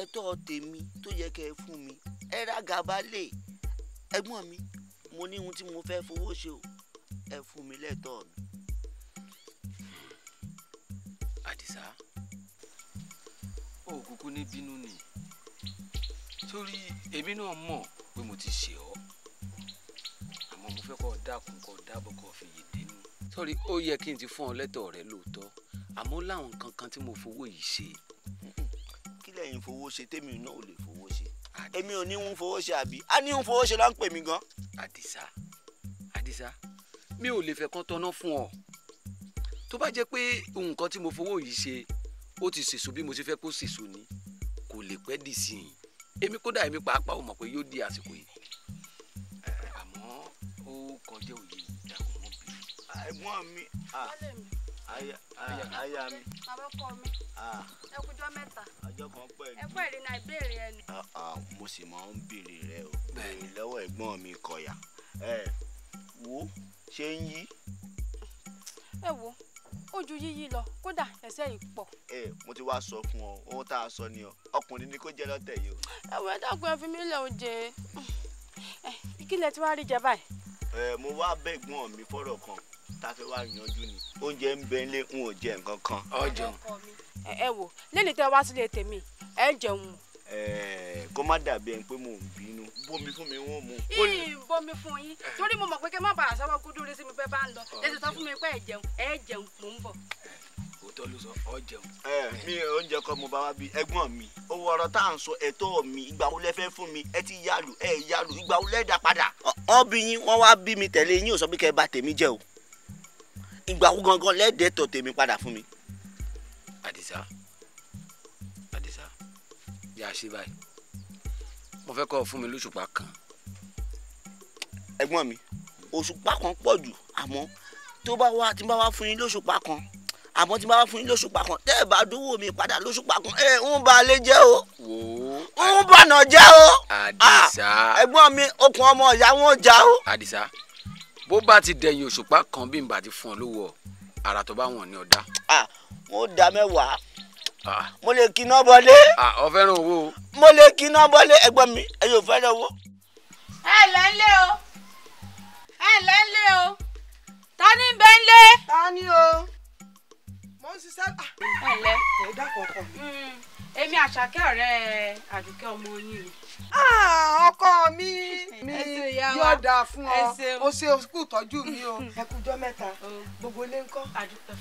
ẹ tọ́ tèmi tó yẹ kẹ́ ẹ fún mi ẹ gàba lè ẹ̀gbọ́n mi mo ní ohun tí mo fẹ́ fowó ṣe o ẹ fún mi lẹ́tọ̀ọ́ mi. àdìsá òkùnkù ní bínú ni torí èmi náà mọ̀ pé mo ti ṣe ọ́ àmọ́ mo fẹ́ kọ́ ọ dákun kọ́ ọ dábọ̀ kọ́ ọ fi yè dénú. sọ́rí ó yẹ kí n ti fún ọ lẹ́tọ̀ rẹ lóòótọ́ àmọ́ láwọn nǹkan kan tí mo fowó yìí ṣe. kí lẹ́yìn fowó ṣe tèmi náà ò lè fowó ṣe èmi ò ní ń fowó ṣe àbí a ní ń fowó ṣe ló ń pè mí gan. àdìsá àdìsá mi ò lè fẹ́ kán tọ́ná fún ọ tó bá jẹ́ pé nǹkan tí mo fowó yìí ṣe ó ti sèso bí mo ṣe fẹ́ kó sèso ni kò lè pẹ́ dì sí i èmi kódà èmi pàápàá ò mọ̀ pé yóò di àsìkò yìí àmọ́ ó kọjá òye ìdààmú mọ́ bí. ẹ̀gbọ́n mi aya mi. bàbá ọkọ mi ẹkùjọ mẹ́ta ọjọ́ kan pẹ̀lú. ẹ pẹ̀lú náà ìbéèrè ẹ ni. mo sì máa ń béèrè rẹ o béèrè lọ́wọ́ ẹ̀gbọ́n mi kọ̀yà ẹ wo ṣé ń yí. ẹ wo ojú yíyí lọ kódà ẹsẹ̀ yìí pọ̀. ẹ mo ti wá sọ fún ọ ohun tá a sọ ni ọ ọkùnrin ni kò jẹ lọtẹ yìí o. ẹwẹ dàgbọn fi mí lẹ oúnjẹ ẹ kílẹ̀ tí wàá rí jẹ báyìí. ẹ mo wá bẹ̀gbọ́n mi fọ́rọ̀ kan tá a fẹ́ wá yanjú ni oúnjẹ ń bẹ nílé n ò jẹ nǹkan kan. ọjọ́ ẹ wò lẹ́nu tẹ́ wá sílé tèmi ẹ jẹun Eh, kó má dàbí ẹni pé mò ń bínú bómi fún mi wọn mú. yìí bómi fún yín torí mo mọ̀ pé kẹ́ má bàa sọ́wọ́ kúdú rí sí mi fẹ́ bá ń lọ ẹ ti sọ fún mi pé ẹ jẹun ẹ jẹun mò ń bọ̀. òótọ́ ló sọ ọ jẹun. ẹ eh, mi oúnjẹ kọ́ mo bá wá bí ẹ̀gbọ́n mi owó ọ̀rọ̀ tá à ń sọ ẹ̀tọ́ mi ìgbà wo lẹ fẹ́ fún mi ẹ ti yálù ẹ yálù ìgbà wo lẹ dá padà. ọbí yín wọn wá bí mi tẹ̀lé yín ò sọ pé kẹ́ jẹ́ àṣẹ báyìí mo fẹ́ kọ́ fún mi lóṣùpá kan. ẹ̀gbọ́n mi òṣùpá kan pọ̀ jù àmọ́ tó bá wá tí n bá wá fún yín lóṣùpá kan àmọ́ tí n bá wá fún yín lóṣùpá kan tẹ́ ẹ̀ bá dúwò mi padà lóṣùpá kan ẹ̀ ń ba lè jẹ́ o ń bọ̀nà jẹ́ o ẹ̀gbọ́n mi okùn ọmọ ìyá wọn já o. àdìsá bó bá ti dẹ̀yìn òṣùpá kan bí n bá ti fún ọ lówó ọ àrà tó bá wọn ni ọ dá. ah wọn ó da mẹ́wàá. Ah. mo lè kiná bọlé. Ah, ọ fẹ́ràn owó. mo lè kiná bọlé ẹ̀gbọ́n mi ẹ yóò fẹ́ràn owó. ẹ lẹ́ ń lé o ẹ lẹ́ ń lé o ta ni bẹ ń lé. ta ni o mo ń ṣiṣẹ́. Ah. ẹ lẹ. ẹ dákọ̀ mi. Mm èmi àṣàkẹ́ ọ̀rẹ́ àdùkẹ́ ọmọ yín ni. Ah, ọkọ mi mi yóò dáa fún ọ o ṣe kú tọ́jú mi o ẹ kújọ́ mẹ́ta gbogbo ilé ńkọ́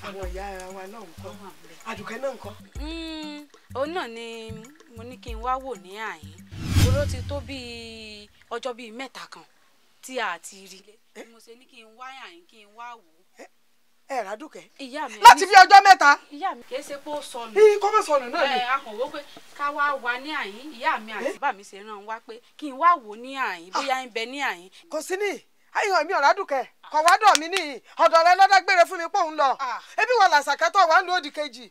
àwọn ìyá wa náà ńkọ́ àdùkẹ́ náà ńkọ́. Hmm, òun náà ni mo ní kí n wá wò ní àyín oró ti tó bíi ọjọ́ bíi mẹ́ta kan tí a ti rí eh? mo ṣe ní kí n wá àyín kí n wá wò ó ẹ rà dúkẹ́. ìyá mi láti fi ọjọ́ mẹ́ta. ìyá mi kìí ṣe pé ó sọnù. ii kọ́ mọ̀ sọnù náà ni. ẹ akọ̀wé pé ká wá wá ní àyín ìyá mi àti bàbá mi ṣe ràn wá pé kí n wá wò ní àyín bóyá ah. ń bẹ ní àyín. kò sí ní àyàn mi ọ̀rá dúkẹ́ kọ̀ wá dọ̀ mí níyì ọ̀dọ̀ rẹ lọ́dọ̀ gbére fún mi pòun lọ. Ah. ebi wọn làṣàkẹ́tọ̀ wà ń lò ó di kejì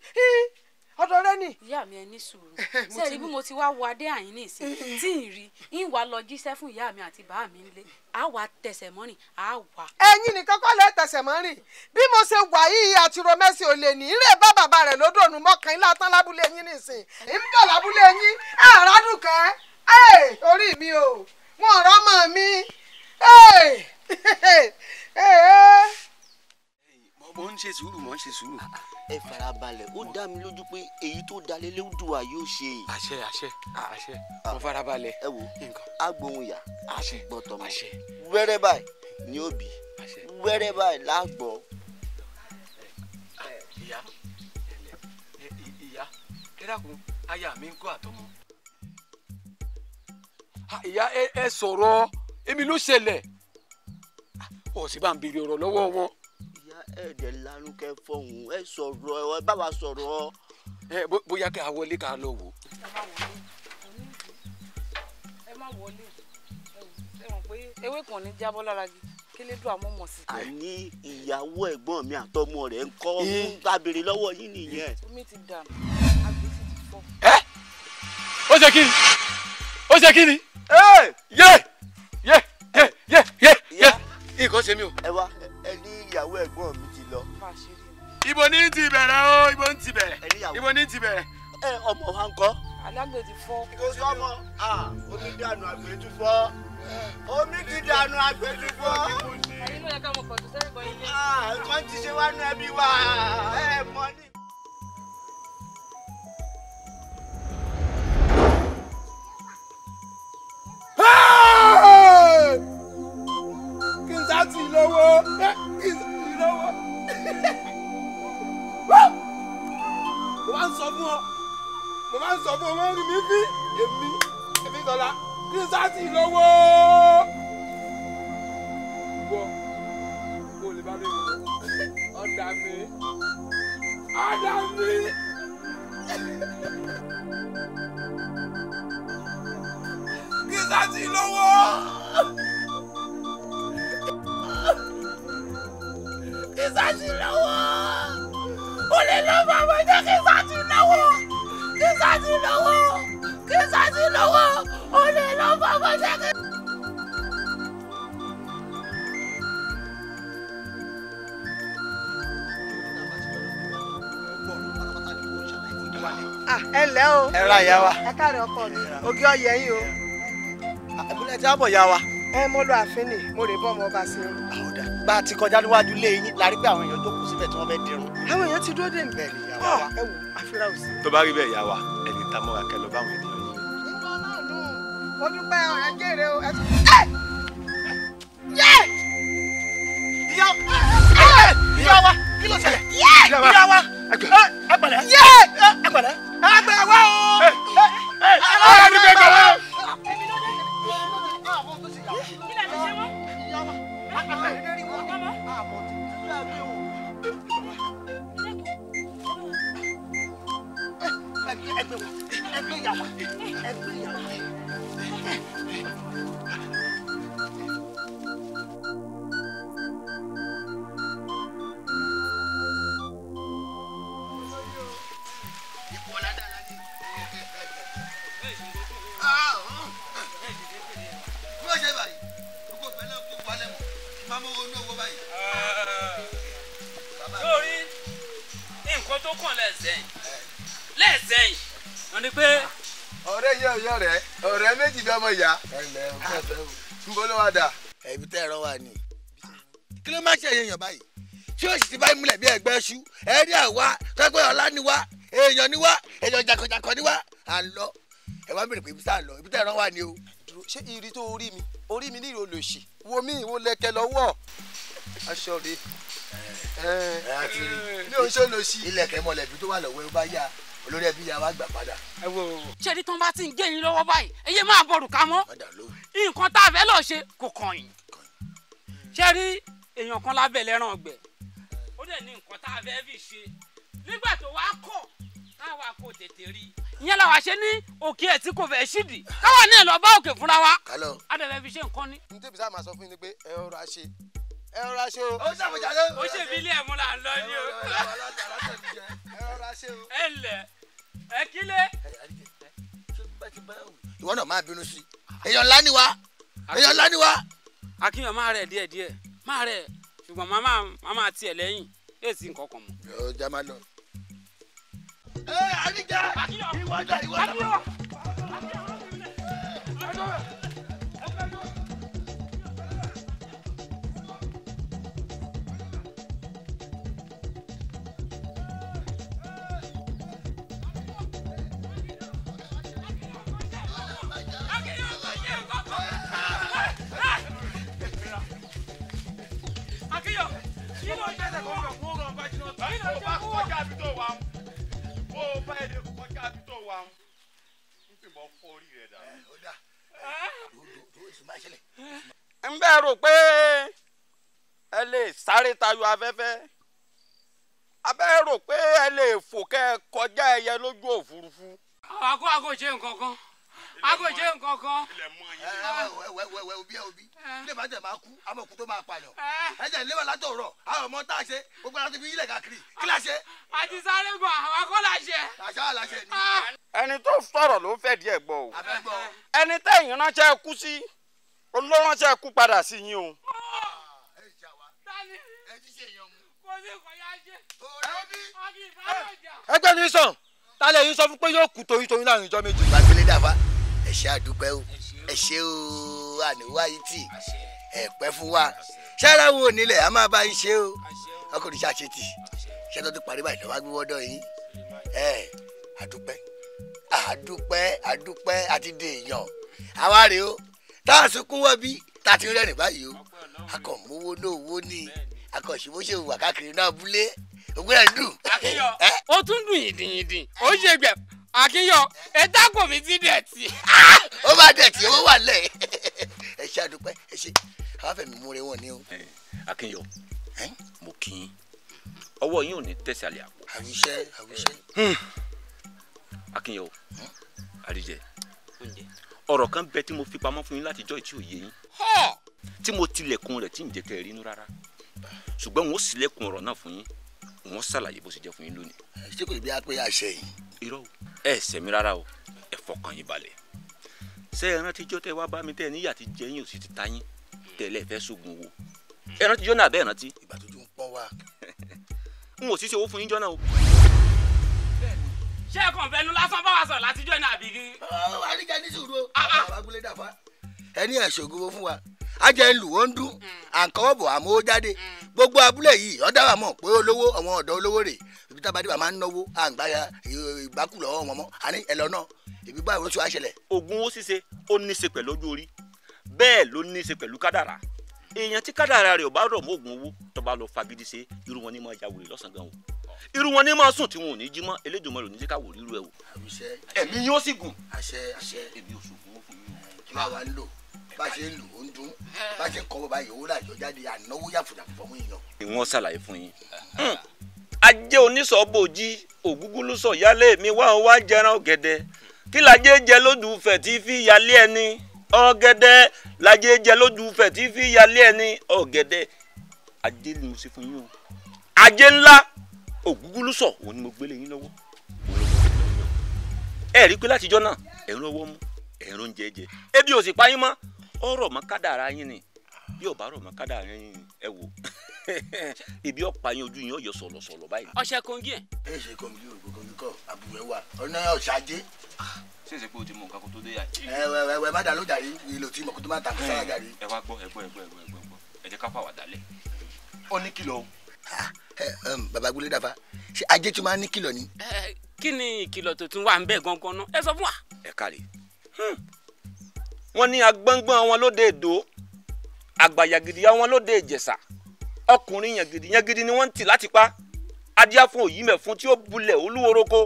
ọ̀dọ̀ rẹ ni. ìyá mi ẹ ní sùúrù ṣe rí bí mo ti wá wo adé àyín ní ìsìn tí ì rí ń wá lọ jíṣẹ́ fún ìyá mi àti bàá mi nílé a wà tẹsẹ̀ mọ́rìn a wà. ẹ̀yin nìkan kọ́ lẹ́ tẹsẹ̀ mọ́rìn bí mo ṣe wà yìí àtúrò mẹ́sì ò lè ní rè bá bàbá rẹ̀ lódò nù mọ́kàn ilá tán lábúlé yín ní ìsìn ń bọ̀ lábúlé yín àràdùnkẹ́ ẹ̀ orí mi o wọn ọ̀rọ̀ mọ̀ mi ẹ̀ mo ń ṣe sùúrù mo ń ṣe sùúrù ẹ farabalẹ̀ ó dá mi lójú pé èyí tó dalẹ̀ léwùdùwà yóò ṣe. àṣẹ àṣẹ ah. àṣẹ ah. mo farabalẹ̀. ẹ wo agbóhun yà gbọ́tọ̀ mọ́ wẹ́rẹ́ báyìí ni ó bì wẹ́rẹ́ báyìí lágbọ́. ìyá ìyá ẹ aya mi ń kọ́ àtọmọ. ìyá ẹ sọ̀rọ̀ èmi ló ṣẹlẹ̀ ọ̀sìn ah, bá ń béèrè ọ̀rọ̀ lọ́wọ́ wọn ẹ̀ẹ́dẹ̀ lanu kẹ́ fọ̀hún ẹ sọ̀rọ̀ ẹ bá wa sọ̀rọ̀. ẹ bóyá kí a wọlé ká lọ wò. ẹ má wọlé ẹ mọ̀ pé ewé kan ní jábọ́ lára gi kílé dùn àmọ́ mọ̀ sí. àní ìyàwó ẹ̀gbọ́n mi àtọmọ rẹ̀ ń kọ́ ń eh. tábìrì lọ́wọ́ yín nìyẹn. omi ti dànù agbèsè ti fọ. ẹ ó ṣe kí ni ó ṣe kí ni. yé yé yé yé yé nǹkan ṣe mí o. ẹ wá ẹ ní ìyàwó ẹ̀gbọ́n mi ti lọ. ibo ní ti bẹ̀rẹ̀ o ibo ní ti bẹ̀rẹ̀ ibo ní ti bẹ̀rẹ̀. ẹ ọmọ wa ń kọ́. alágbè ti fọ́. kò sọmọ omi dànù àgbè tún fọ́ omi ti dànù àgbè tún fọ́. ẹni ló yẹ ká mọ pọ̀ sẹ́yìn kan ilé. wọ́n ti ṣe wá nú ẹbí wa ẹ mọ ní. Ah! láti lówó eh, ìlówó mo máa ń sọ fún ọ mo máa ń sọ fún ọ máa ń rí mi fi èmi èmi tọ́lá kí sáàtì lówó ìwọ mo lè bá mi wò ọ̀dà mi ọ̀dà mi. kí sáàtì lówó. Sàtì lọ́wọ́ olè lọ́wọ́ àwọn jẹ́ kí Sàtì lọ́wọ́ kí Sàtì lọ́wọ́ kí Sàtì lọ́wọ́ olè lọ́wọ́ àwọn jẹ́ kí. ẹ ǹlẹ́ o. ẹ ra ìyá wa. ẹ káàárọ̀ ọkọ mi. ògì ọyẹ yín o. àbúlé tí a bọ̀ ya wa. ẹ mo lọ àfin ni mo rè bọ́ ọmọ ọba sí i bá a ti kọjá níwájú ilé yín la rí pé àwọn èèyàn jókòó síbẹ̀ tí wọ́n fẹ́ dirun. àwọn èèyàn ti dúró dé ní bẹ̀rẹ̀ ìyá wa ah! ẹ wò àfírà ò sí. tó bá rí bẹ́ẹ̀ ìyá ẹni tá mọ́ra kẹ lọ báwọn ènìyàn yìí. ìgbà náà nù ó dúpẹ́ àjẹrè o ẹ ìyá wa kí ló ṣẹlẹ̀ ìyá wa ẹ pẹ̀lẹ́ ẹ pẹ̀lẹ́ ọmọ ìyá nbọlọwàdà. ẹbí tẹ ẹrọ wà ní. kí ló máa ṣe èèyàn báyìí tí ó sì ti báyìí múlẹ̀ bí ẹgbẹ́ ṣú ẹ̀rí àwa tọ́pẹ́ ọ̀la ni wá èèyàn ni wá èèyàn jàkọ̀jàkọ̀ ni wá à ń lọ ẹ wá bèrè pé ibi tá a lọ ibi tá a rán wà o. ṣé ìrì tó orí mi orí mi ní ìrò lòṣì wo mí ìwo lẹkẹ lọ́wọ́ aṣọ rè é. ẹ ẹ àti ilé oṣù lòṣì ilẹ̀kẹ̀ mọ̀lẹ́bí tó wà lọ́wọ́ ẹ bá yá a olórí ẹbí yà wá gbà padà. ẹ wo wo. ṣẹ́ni tó ń bá ti ń gé yín lọ́wọ́ báyìí ẹyẹ máa bọ̀rù ká mọ́ nǹkan tá a fẹ́ lọ́ọ́ ṣe kò kàn yín ṣẹ́ni èèyàn kan lábẹ́ lẹ́ràn ọgbẹ́ ó dẹ̀ ní nǹkan tá a fẹ́ fi ṣe nígbà tó wá kọ̀ táwa kò tètè rí ìyẹn làwa ṣe ní òkè ẹ̀ tí kò fẹ́ ṣídìí káwa náà lọ bá òkè fúnra wa á dẹ̀ fẹ́ fi ṣe nǹkan ní. ní tèmi sáà máa sọ fún yín ni pé ẹ rọra ṣe ẹ rọra ṣe o. ó ṣàbùjá lé. ó ṣèbí ilé ẹ̀ mú là ń lọ ní o. ẹ rọra ṣe o. ẹ lẹ̀ ẹ kílẹ̀. ìwọ náà máa bínú sí èèyàn ńlá ni wa? èèyàn ńlá ni wá. akínyàn máa rẹ̀ díẹ̀ díẹ̀ máa rẹ̀ ṣùgbọ́n màá máa tiẹ̀ lẹ́yìn èsì nǹkan kan mọ́. yóò já má lọ. ẹ àdìjẹ ìwọ náà ìwọ náà. ń bẹ́ẹ̀ rò pé ẹ lè sáré tayọ afẹ́fẹ́ abẹ́ rò pé ẹ lè fò kẹ́ kọjá ẹyẹ lójú òfurufú. àwọn akó àkó ṣe nǹkan kan. ago jẹ nǹkan kan. wẹwẹwẹ obi ẹ obi ilé ìbá jẹ máa kú àmọ́ òkú tó máa pààyàn ẹjẹ ilé wa látọ̀rọ̀ àwọn ọmọ tá a ṣe gbogbo ara ti fi ilẹ̀ kakiri kí la ṣe. àti sáré gbọ àwọn akọ́ la ṣe. àṣà la ṣe ni. Ah. ẹni tó sọ̀rọ̀ ló fẹ́ díẹ̀ gbọ́ o ẹni tẹ̀yìn ránṣẹ́ kú sí olóránṣẹ́ kú padà sí yín o. ẹgbẹ́ ní sàn tálẹ̀ yín sọ fún pé yóò kú toyún toyún láàrin ìjọ méjì. bá a ti lè dà fa ẹ ṣe àdúpẹ́ o ẹ ṣe o àníwá yìí tì ẹ pẹ́ fún wa ṣáárá wo nílẹ̀ a máa bá yín ṣe o ọkùnrin ṣáà ṣe tì ṣé tó parí báyìí lọ́wọ́ gbé yín ẹ àdúpẹ́ àdúpẹ́ àdúpẹ́ àti dè àwa rèé o tá a sunkún wọ́n bí tá a ti rẹ́rìn báyìí o a mówó lówó ní a kàn wà káàkiri náà abúlé ògbẹ́rẹ́ dùn. ó tún dùn yìndìnyìndìn ó ṣe gbẹ àkínyọ ẹdáko mi ti dẹ̀tì. ó máa dẹ̀tì ó wà lẹ̀ ẹ ṣe àdúpẹ́ ẹ ṣe àwọn afẹ́mi múre wọn ni o. àkínyọ mo kí yín ọwọ́ yín ò ní tẹ̀sàlẹ̀ àpò. àwùṣẹ́ àwùṣẹ́. àkínyọ hmm. àríjẹ ọ̀rọ̀ kan bẹ tí mo fi pamọ́ fún yín látijọ́ ìtí òye yín tí mo tilẹ̀kùn rẹ̀ tí ǹjẹ́ kẹ́ ẹ rí inú rárá ṣùgbọ́n n ó ṣílẹ̀kùn ọ̀rọ̀ náà fún yín wọ́n ṣàlàyé bó ṣe jẹ́ fún yín lónìí. ṣé kò bí a pé àṣẹ yìí. irọ́ ẹ ṣẹ̀ mi rárá o ẹ fọkàn yín balẹ̀ ṣé ẹran tíjọ́ tẹ wá bá mi tẹ níyà ti jẹ yín ò sì ti ta yín tẹ̀lé ẹ̀fẹ́ sógun wo ẹran tíjọ́ náà bẹ́ẹ̀ rántí. ìgbà tó ju ń pọ́n wá. n ò sì ṣe owó fún yín jọ́ náà o. ṣé ẹ kàn fẹ́ nu lásán bá wa sọ̀rọ̀ látijọ́ náà àbí. àríkà ní sùúrù o. àwọn àgbélé ẹni àṣògo ajẹ́ ń lù wọ́n ń dún à ń kọ́wọ́ bọ̀ àmọ́ ó jáde gbogbo abúlé yìí ọ̀dà wà mọ̀ pé olówó àwọn ọ̀dọ́ olówó rè ibi tá a bá dé wà máa ń náwó à ń gba ìgbákùlọ̀ wọn mọ́ àní ẹ̀ lọ́nà ibi báwo ló ti wá ṣẹlẹ̀. oògùn owó ṣíṣe ó ní í ṣe pẹ̀lú ọjọ́ orí bẹ́ẹ̀ ló ní í ṣe pẹ̀lú kádàrà èèyàn tí kádàrà rẹ̀ ò bá rọ̀ mọ́ oògùn owó tó bá lọ fagidi ṣe irú wọn ní máa ya wèrè lọ́sàn gan o irú wọn ní máa sùn tí wọn ò ní jí mọ́ Elédùmarè ò ní jẹ́ ká wò rírú ẹ o ẹ̀mí yóò sì gùn ẹ̀mí òṣùgùn fún mi kí wá ń lò bá ṣe ń lù ó ń dún bá ṣe kọ́ bọ́ báyìí owó jáde ànáwó yàfùdà fọmú yìnyàn. ìwọ̀n ṣàlàyé fún yín. Hmm. ajé onísọ̀bòjì ògúngúlú sọ yálé mi wá wá jẹran ọ̀gẹ̀dẹ̀ kí lajẹ́ jẹ lódùúfẹ̀ tí fi yálé ẹni ọ̀gẹ̀dẹ̀ lajẹ́ jẹ lódùúfẹ̀ tí fi yálé ẹni ọ̀gẹ̀dẹ̀ ajé ni mo ṣe fún yín o ajé ńlá ògúngúlú sọ ni mo gbélé yín lọ́wọ́ ẹ rí i pé látijọ́ náà ẹ̀rọ ọwọ́ mú ẹ̀rọ oúnjẹ jẹ ebi ò sì pa yín mọ́ ó rọ̀ mọ́ kádàrá yín ni bí ò bá rọ̀ mọ́ kádàrá yín ẹ wò ibi ọ̀pá yín ojú yín ọ̀yọ́ sọ̀lọ̀sọ̀lọ̀ báyìí. ọṣẹ kọngí ẹ. ẹ ṣe kọngí ògbó kọngí kọ àbúrò wa ọ̀nà ọ̀ṣájé. ṣé ìṣe pé o ti mọ nǹkan kó tó dé yà. ẹ wẹ wẹ wẹ má dà ló jàre ìlò tí mọ̀kútó má ta kó sára jàre. ẹ wá gbọ́ ẹ gbọ́ ẹ gbọ́ ẹ gbọ́ ẹ gbọ́ ẹ jẹ́ ká fà wà dálẹ̀. ó ní kìlọ̀ o. bàbá gbélé dàbá ṣé ajé tún máa ní kìlọ̀ ni. kí ni ìkìlọ̀ tó tún wà ń bẹ̀ gangan náà ẹ sọ fún wa. ẹ káre hmm. wọ́n ní agbọ́ngbọ́n wọn lóde èdò àgbàyàgìdìyà wọn lóde ìjẹ̀ṣà ọkùnrin yàngìdì yàngìdì ni wọ́n ń tì láti pa adíá fún òyì mẹ́fun tí ó bulẹ̀ olúworoko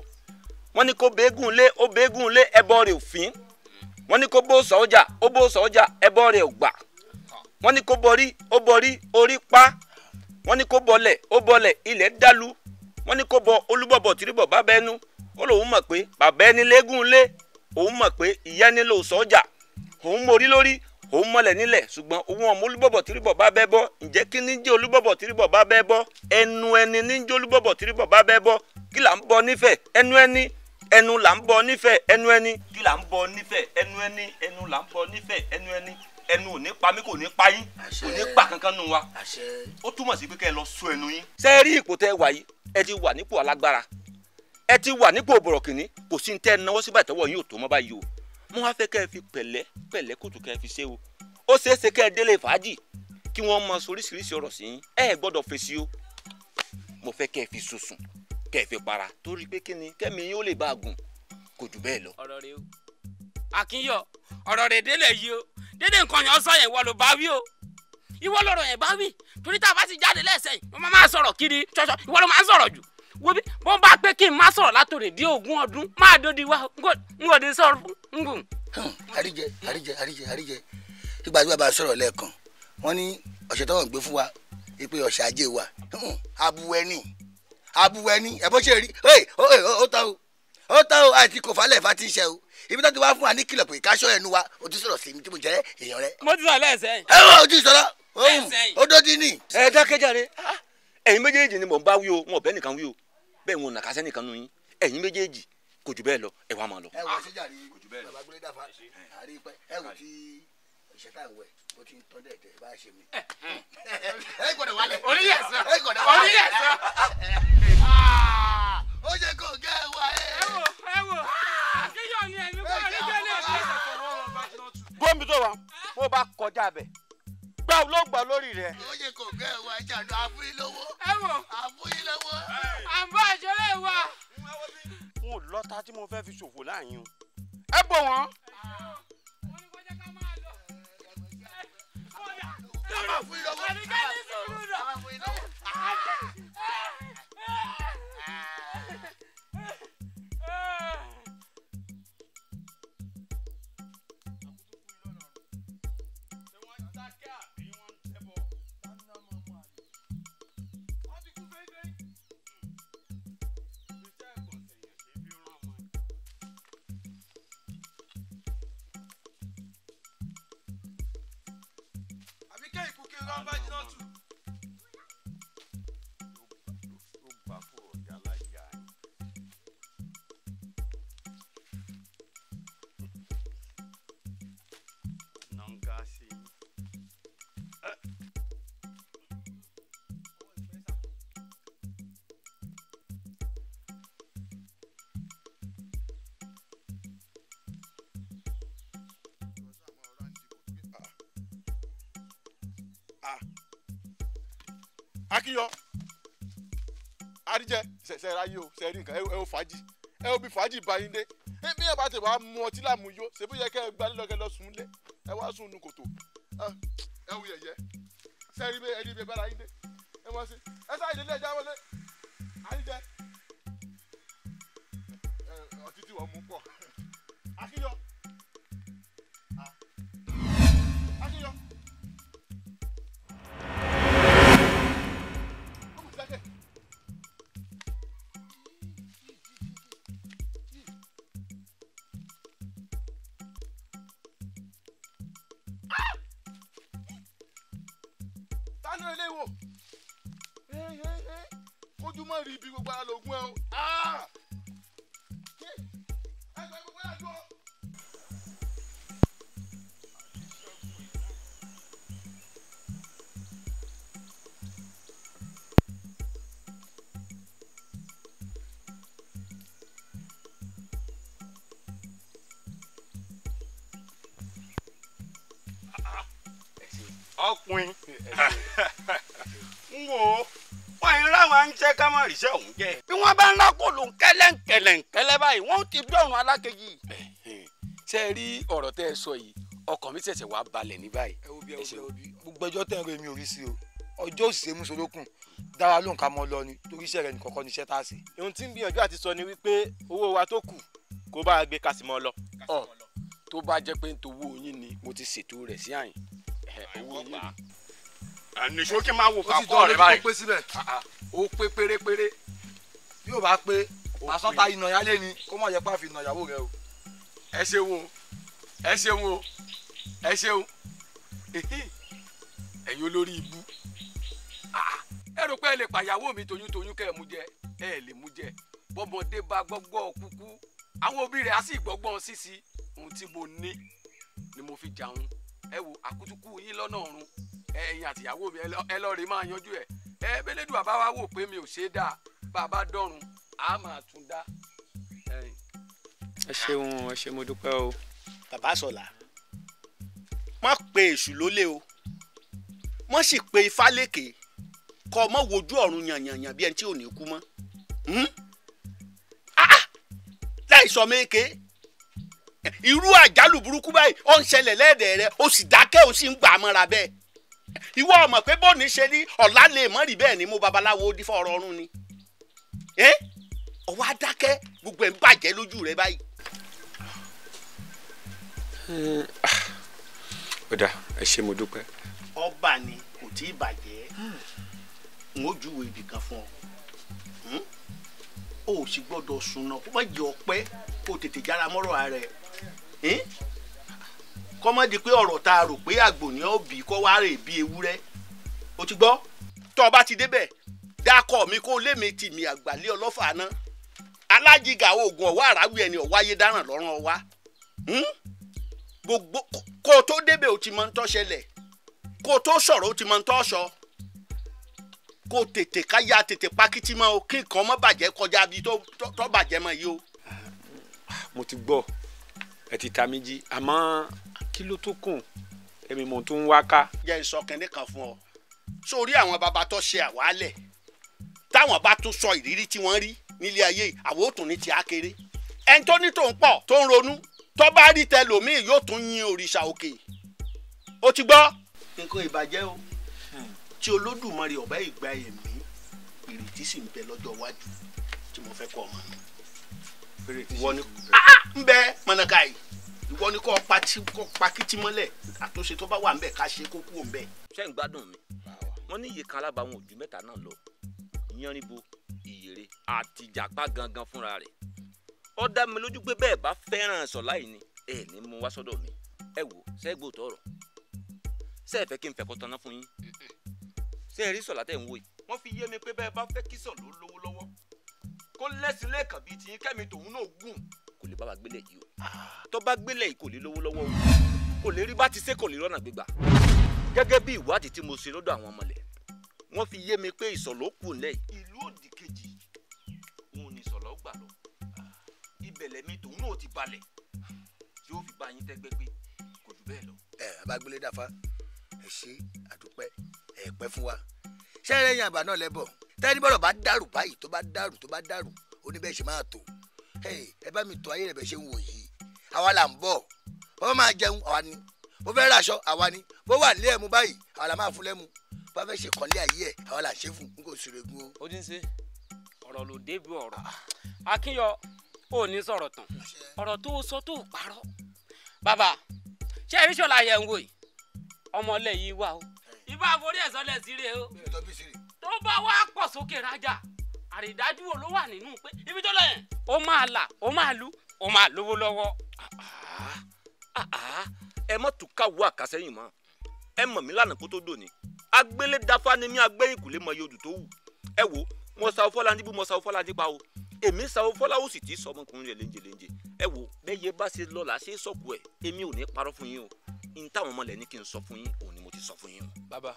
wọ́n ní kó beegun lé ó beegun lé ẹbọ rẹ̀ òfin wọ́n ní kó bó sọ ọjà ó bó ẹbọ ògbà ní kó ó orí pa wọ́n ní kó bọlẹ̀ ó bọlẹ̀ ilẹ̀ dálu wọ́n ní kó bọ olúbọ̀bọ̀ tìrìbọ̀ ó lòun mọ̀ pé òun mórí lórí òun mọ́lẹ̀ nílẹ̀ ṣùgbọ́n òun ọmọ olúbọ̀bọ̀ tìrìbọ̀ bá bẹ́ bọ́ ǹjẹ́ kí ní jẹ́ olúbọ̀bọ̀ tìrìbọ̀ bá bẹ́ bọ́ ẹnu ẹni ní jẹ́ olúbọ̀bọ̀ tìrìbọ̀ bá bẹ́ bọ́ kí là ń bọ nífẹ̀ ẹnu ẹni ẹnu là ń bọ nífẹ̀ ẹnu ẹni kí là ń bọ nífẹ̀ ẹnu ẹni ẹnu là ń bọ nífẹ̀ ẹnu ẹni ẹnu ò ní pa mí kò ní pa yín kò ní pa kankan nu wa ó túmọ̀ sí pé kẹ́ ẹ lọ sọ ẹnu yín. sẹ́ẹ̀rí ipò tẹ́ wà yìí ẹ ti wà nípò alágbára ẹ ti wà nípò bọ̀rọ̀kìnní kò sí ní tẹ́ ẹ náwó síbà ìtọ́wọ́ yín ò tó mọ́ báyìí o mo wá fẹ́ kẹ́ ẹ fi pẹ̀lẹ́ pẹ̀lẹ́ kùtù kẹ́ ẹ fi ṣe o ó ṣeé ṣe kẹ́ ẹ délé fàájì kí wọ́n mọ oríṣiríṣi ọ̀rọ̀ sí yín ẹ ẹ gbọ́dọ̀ fèsì o mo fẹ́ kẹ́ ẹ fi sùsùn kẹ́ ẹ fi para torí pé kíni kẹ́mi yín ó lè bá a gùn kò jù bẹ́ẹ̀ lọ. ọ̀rọ̀ rẹ o àkínyọ ọ̀rọ̀ rẹ délẹ̀ yìí o dédé nǹkan yẹn sọ yẹn ìwọ ló bá wí o ìwọ lọ́rọ̀ yẹn bá wí torí tá a bá ti jáde lẹ́sẹ̀ yìí mo máa sọ̀rọ̀ kiri ṣọṣọ ìwọ ló máa sọ̀rọ̀ jù wo bí wọ́n bá pé kí n má sọ̀rọ̀ látòrè dé ogún ọdún máa dòdì wá n kò dé sọ̀rọ̀ n kò. Hmm, àríjẹ àríjẹ àríjẹ àríjẹ ìgbà tí bàbá sọ̀rọ̀ lẹ́ẹ̀kan wọ́n ní ọ̀sẹ̀ tọ́wọ̀n gbé fún wa pé ọ̀sẹ̀ ajé wa hmm, abuwẹ́ni abuwẹ́ni ẹ̀bọ́n ṣe rí ó tán o ó tán o àti kò falẹ̀ fa ti ṣe o ibi tó ti wá fún wa ní kìlọ̀ pé káṣọ ẹnu wa o ti sọ̀rọ̀ sí mi tí mo jẹ́ èèyàn rẹ. mo ti sọ̀rọ̀ lẹ́sẹ̀. ẹ wọ́n o ti sọ̀rọ̀ o hmm, dọ́dí ni. ẹ dákẹ́jà rẹ ah, ẹ̀yin méjèèjì ni mò ń bá wí o wọn ò nìkan wí o bẹ́ẹ̀ wọn ò nàka sẹ́nìkan nu yín ẹ̀yin méjèèjì kò jù lọ ẹ lọ. ẹ wọ síjà bàbá gbélé dàfa àrí pẹ ẹ wò tí gbá ló gbà lórí rẹ. ó yẹ kò gbẹ ẹwà jàdó àbúyílówó. ẹ wò àbúyílówó. àbọ̀ àjọyọ̀ ìwà. n ò lọ́ta tí mo fẹ́ fi ṣòfò láàyè o. ẹ bò wọ́n. àbúyílówó. àbúyílówó. number is not two. kíyọ àríjẹ ṣẹṣẹ ráyé o ṣe nǹkan ẹ ò fàájì ẹ ò bí fàájì bá yín bí ẹ bá ti wàá mu ọtí láàmú yó ṣèbí yẹ kẹ ẹ gbalẹ lọkẹ lọ sùn lé ẹ wá sùn nu kòtò ẹ wù yẹyẹ ṣe rí bẹ́ẹ̀ ẹ bára yín dé ẹ wọ́n sí ẹ sáà ìdílé ẹja wọlé àríjẹ ọtí tí wọ́n mú pọ̀. àánú ilé wò ojúmọ́ rí ibi gbogbo ara ẹ o. Ah! iṣẹ́ òun jẹ́. bí wọ́n bá ń rákòlò kẹ́lẹ́ǹkẹ́lẹ́ǹkẹ́lẹ́ báyìí wọ́n ti dọ̀rùn alákejì. ṣé ẹ rí ọ̀rọ̀ tẹ́ ẹ sọ yìí ọkàn mi ṣẹ̀ṣẹ̀ wá balẹ̀ ní báyìí. ẹ wo bí ẹ wo bí gbogbo ẹjọ́ tẹ̀ ń mi ò rí sí o ọjọ́ òṣìṣẹ́ mùsùlùkùn dára ló ń ka mọ́ lọ ni torí iṣẹ́ rẹ̀ nìkọ̀kọ́ ni iṣẹ́ tá a ṣe. ohun tí ń gbìyànjú àti sọ ni wípé owó wa tó kù kó bá a gbé kásìmọ́ lọ. ọ tó bá jẹ́ pé ntòwó yín ni mo ti ṣètò rẹ̀ sí àyìn owó yín. àníṣó kí n máa wò ká kọ́ ọ̀rẹ́ báyìí. Ah, ah ó pé pérépéré bí ó bá pé àsọta ìnàyálé ni kó mọ̀ yẹ pé àfi ìnàyàwó rẹ o ẹ ṣeun o ẹ ṣeun o ẹ ṣeun ẹ̀yin olórí ibú ah, ẹ rò pé ẹ lè pàyàwó mi toyúntoyún kẹ́ ẹ mú jẹ ẹ lè mú jẹ bọ́mọdé bá gbọ́gbọ́ kúkú àwọn òbí rẹ̀ á sì gbọ́gbọ́n sísí ohun tí mo ní ni mo fi jàun ẹ wo àkútúkú yín lọ́nà ọ̀run ẹ̀yin àtìyàwó mi ẹ lọ́ọ́ rí máa yanjú ẹ̀ ẹ bẹ́lẹ́dù bàbá wa wò pé mi ò ṣe é dáa bàbá dọ̀run a máa tún dá. ẹ ṣeun ẹ ṣe mo dúpẹ́ o. bàbá sọlá má pe èṣù lólè o má sì pe ifá lékè kọ mọ wojú ọ̀run yànyànyàn bí ẹni tí ò ní kú mọ́ hmm? ah! láì sọ méke irú àjálù burúkú báyìí ó ń ṣẹlẹ̀ lẹ́ẹ̀dẹ̀ rẹ sì dákẹ́ o sì ń gbà mọ́ra bẹ́ẹ̀ ìwọ ọmọ pé bóni ṣe rí ọ̀la lè mọ́ rí bẹ́ẹ̀ ni mo babaláwo dífọ́ ọ̀rọ̀ ọ̀run ni ọwọ́ adákẹ́ gbogbo ẹ̀ ń bàjẹ́ lójú rẹ báyìí. ó dà ẹ ṣé mo dúpẹ́. ọba ni kò tí ì bàjẹ́ n ó júwèé ibì kan fún ọ hm? o ò sì gbọ́dọ̀ sùn náà kó má jẹ́ ọpẹ́ kó o tètè jára mọ́rọ̀ rẹ̀. Hm? kọ́mọ́dé pé ọ̀rọ̀ tá a rò pé àgbò ni ó bì kọ́ wá rè bí ewúrẹ́ o ti gbọ́ tọ́ ọ bá ti débẹ̀ dákọ̀ mi kó lé mi tì mí àgbàlẹ́ ọlọ́fà náà alájìgà oògùn ọ̀wá àràwí ẹni ọ̀wáyé dáràn lọ́rùn ọ̀wá hmm? gbogbo kó o tó débẹ̀ o ti mọ ń ṣẹlẹ̀ kó o tó sọ̀rọ̀ o ti mọ ń tọ́ kó o tètè ká ya tètè pákítí mọ́ o kí nǹkan mọ́ bàjẹ́ kọjá bí tó bàjẹ́ mọ́ yìí o. mo ti gbọ́ ẹ ti ta mi jí àmọ́ kí ló tó kùn èmi mò ń tún wá ká. jẹ́ ìsọkẹ́ni kan fún ọ sórí àwọn baba tó ṣe àwálẹ̀ táwọn bá tún sọ ìrírí tí wọ́n rí nílé ayé àwọn òtún ní ti á kéré ẹni tó ní tó ń pọ̀ tó ń ronú tó bá rí tẹlòmíì yóò tún yin òrìṣà òkè ó ti gbọ́. nǹkan ìbàjẹ́ o tí olódùmarè ọ̀bá ìgbà èmi ìrètí sì ń bẹ lọ́jọ́ iwájú tí mo fẹ́ kọ́ ọmọ mi. ìrètí sì ń bẹ. Ah, ah, ń ìwọ ni kò pa tí kò pa kìtì mọ́lẹ̀ àtúnṣe tó bá wà ńbẹ̀ ká ṣe kó kú òǹbẹ̀. ṣé ń gbádùn mi wọn ní iye kan alábàáwọn ojú mẹ́ta náà lọ yanribo ìyèrè àti ìjàpá gangan fúnra rẹ̀ ó dá mi lójú pé bẹ́ẹ̀ bá fẹ́ràn sọ̀lá yìí ni ẹ ní mú wá sọ́dọ̀ mi ẹ wò sẹ́gbó tọrọ ṣé ẹ fẹ́ kí n fẹ́ kọ́ tanná fún yín ṣé ẹ rí sọ̀lá tẹ̀ ń wò yìí wọ́n fi yé mi pé bẹ́ẹ̀ bá fẹ́ kí sọ̀ ló lówó lọ́wọ́ kó lẹ́sìn lẹ́ẹ̀kan bíi tiyín kẹ́mi tòun náà gùn kò lè bá wa gbélé yìí o tó bá gbélé yìí kò lè lówó lọ́wọ́ o kò lè rí bá ti ṣe kò lè rọ́nà gbígbà gẹ́gẹ́ bí ìwádìí tí mo ṣe lọ́dọ̀ àwọn ọmọlẹ̀ wọ́n fi yé mi pé ìsọ̀lọ́ kù ńlẹ̀ ìlú òdì kejì òun ni ìsọ̀lọ́ gbà lọ ibẹ̀lẹ̀ mi tòun náà ti balẹ̀ yóò fi bá yín tẹ́gbẹ́ pé kò jù bẹ́ẹ̀ lọ. ẹ abágbélé dáfa ẹ ṣe àdúpẹ́ ẹ pẹ́ fún wa ṣẹ́ẹ́rẹ́ yàgbà náà lẹ́bọ̀ tẹ́ni bá dàrú báyìí tó bá dàrú tó bá dàrú oníbẹ̀ ṣe máa tó ẹ bá mi tọ ayé rẹ bẹ ṣe ń wò yìí àwa là ń bọ̀ bó bá máa jẹun àwa ni bó fẹ́ raṣọ àwa ni bó wà nílé ẹ̀mú báyìí àwa là máa fún lẹ́mu bó fẹ́ ṣe kọ́lé ayé ẹ̀ àwa là ń ṣe fún n kò sùrè gun o. ó ti ń ṣe ọ̀rọ̀ ló débi ọ̀rọ̀ akínyọ ò ní sọ̀rọ̀ tán ọ̀rọ̀ tó sọ tó parọ́ bàbá ṣé ẹ̀rí ṣọlá yẹ ń wò yìí ọmọlẹ̀ yìí wà àrídájú wo ló wà nínú pé ibi tó lọ ó máa là ó máa lu ó máa lówó lọ́wọ́. Ah, ah, ah, ẹ má tún káwọ àkàsẹ́yìn mọ́ ẹ mọ̀ mí lánàá kó tó dòní agbélé dáfá ni mí agbẹ́yìn kò lè mọ iye odò tó wù ẹ wo mo sa fọláńdí bí mo sa fọláńdí pa o èmi sa fọláwó sì ti sọ ọmọkùnrin rẹ léńjẹ léńjẹ ẹ wo bẹ́ẹ̀ yé bá ṣe lọ́la ṣe é sọ̀kù ẹ̀ èmi ò ní parọ́ fún yín o n táwọn ọmọ lẹ̀ ní kí n sọ fún yín òun ni mo ti sọ fún yín o. bàbá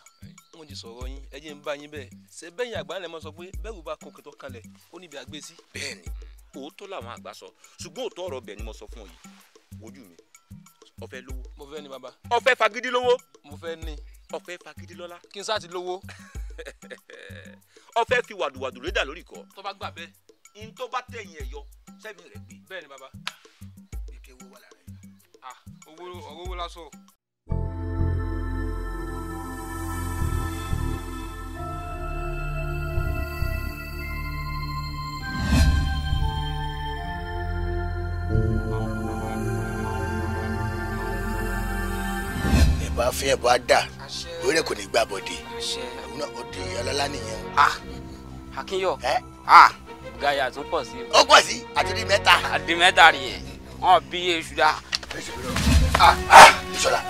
mo ti sọ̀rọ̀ yín ẹ jẹ́ ń bá yín bẹ́ẹ̀ ṣe bẹ́yìn àgbà lẹ́mọ sọ pé bẹ́rù bá kọkẹ́ tó kalẹ̀ ó níbi àgbẹ̀ sí. bẹ́ẹ̀ni òótọ́ làwọn àgbà sọ ṣùgbọ́n òótọ́ ọ̀rọ̀ bẹ́ẹ̀ ni mo sọ fún ọ yìí wojú mi o lówó. mo fẹ́ ni bàbá. o fẹ́ lówó. mo fẹ́ ni. o fẹ́ fagídí lọ́lá. kí n sá ti lówó. o fi wàdùwàdù rédà lórí kọ. tó bá gbà bẹ́ẹ̀. in tó bá tẹ̀yìn ẹ̀ yọ sẹ́mi rẹ̀ gbé. bẹ́ẹ̀ ni bàbá. bí kéwọ́ wà lára yìí. ah owó ọ̀rọ̀ owó lásán. bá fẹ́ ẹ̀bọ á dà orí kò ní gbà bọ̀dé òun náà ó di ọlọ́lá nìyẹn. Ah, akínyọ ah, gaya tún pọ̀ sí. ó pọ̀ sí àti di mẹ́ta. àti mẹ́ta rí yẹn wọn bí èṣù dá. Ah, ìṣọ̀lá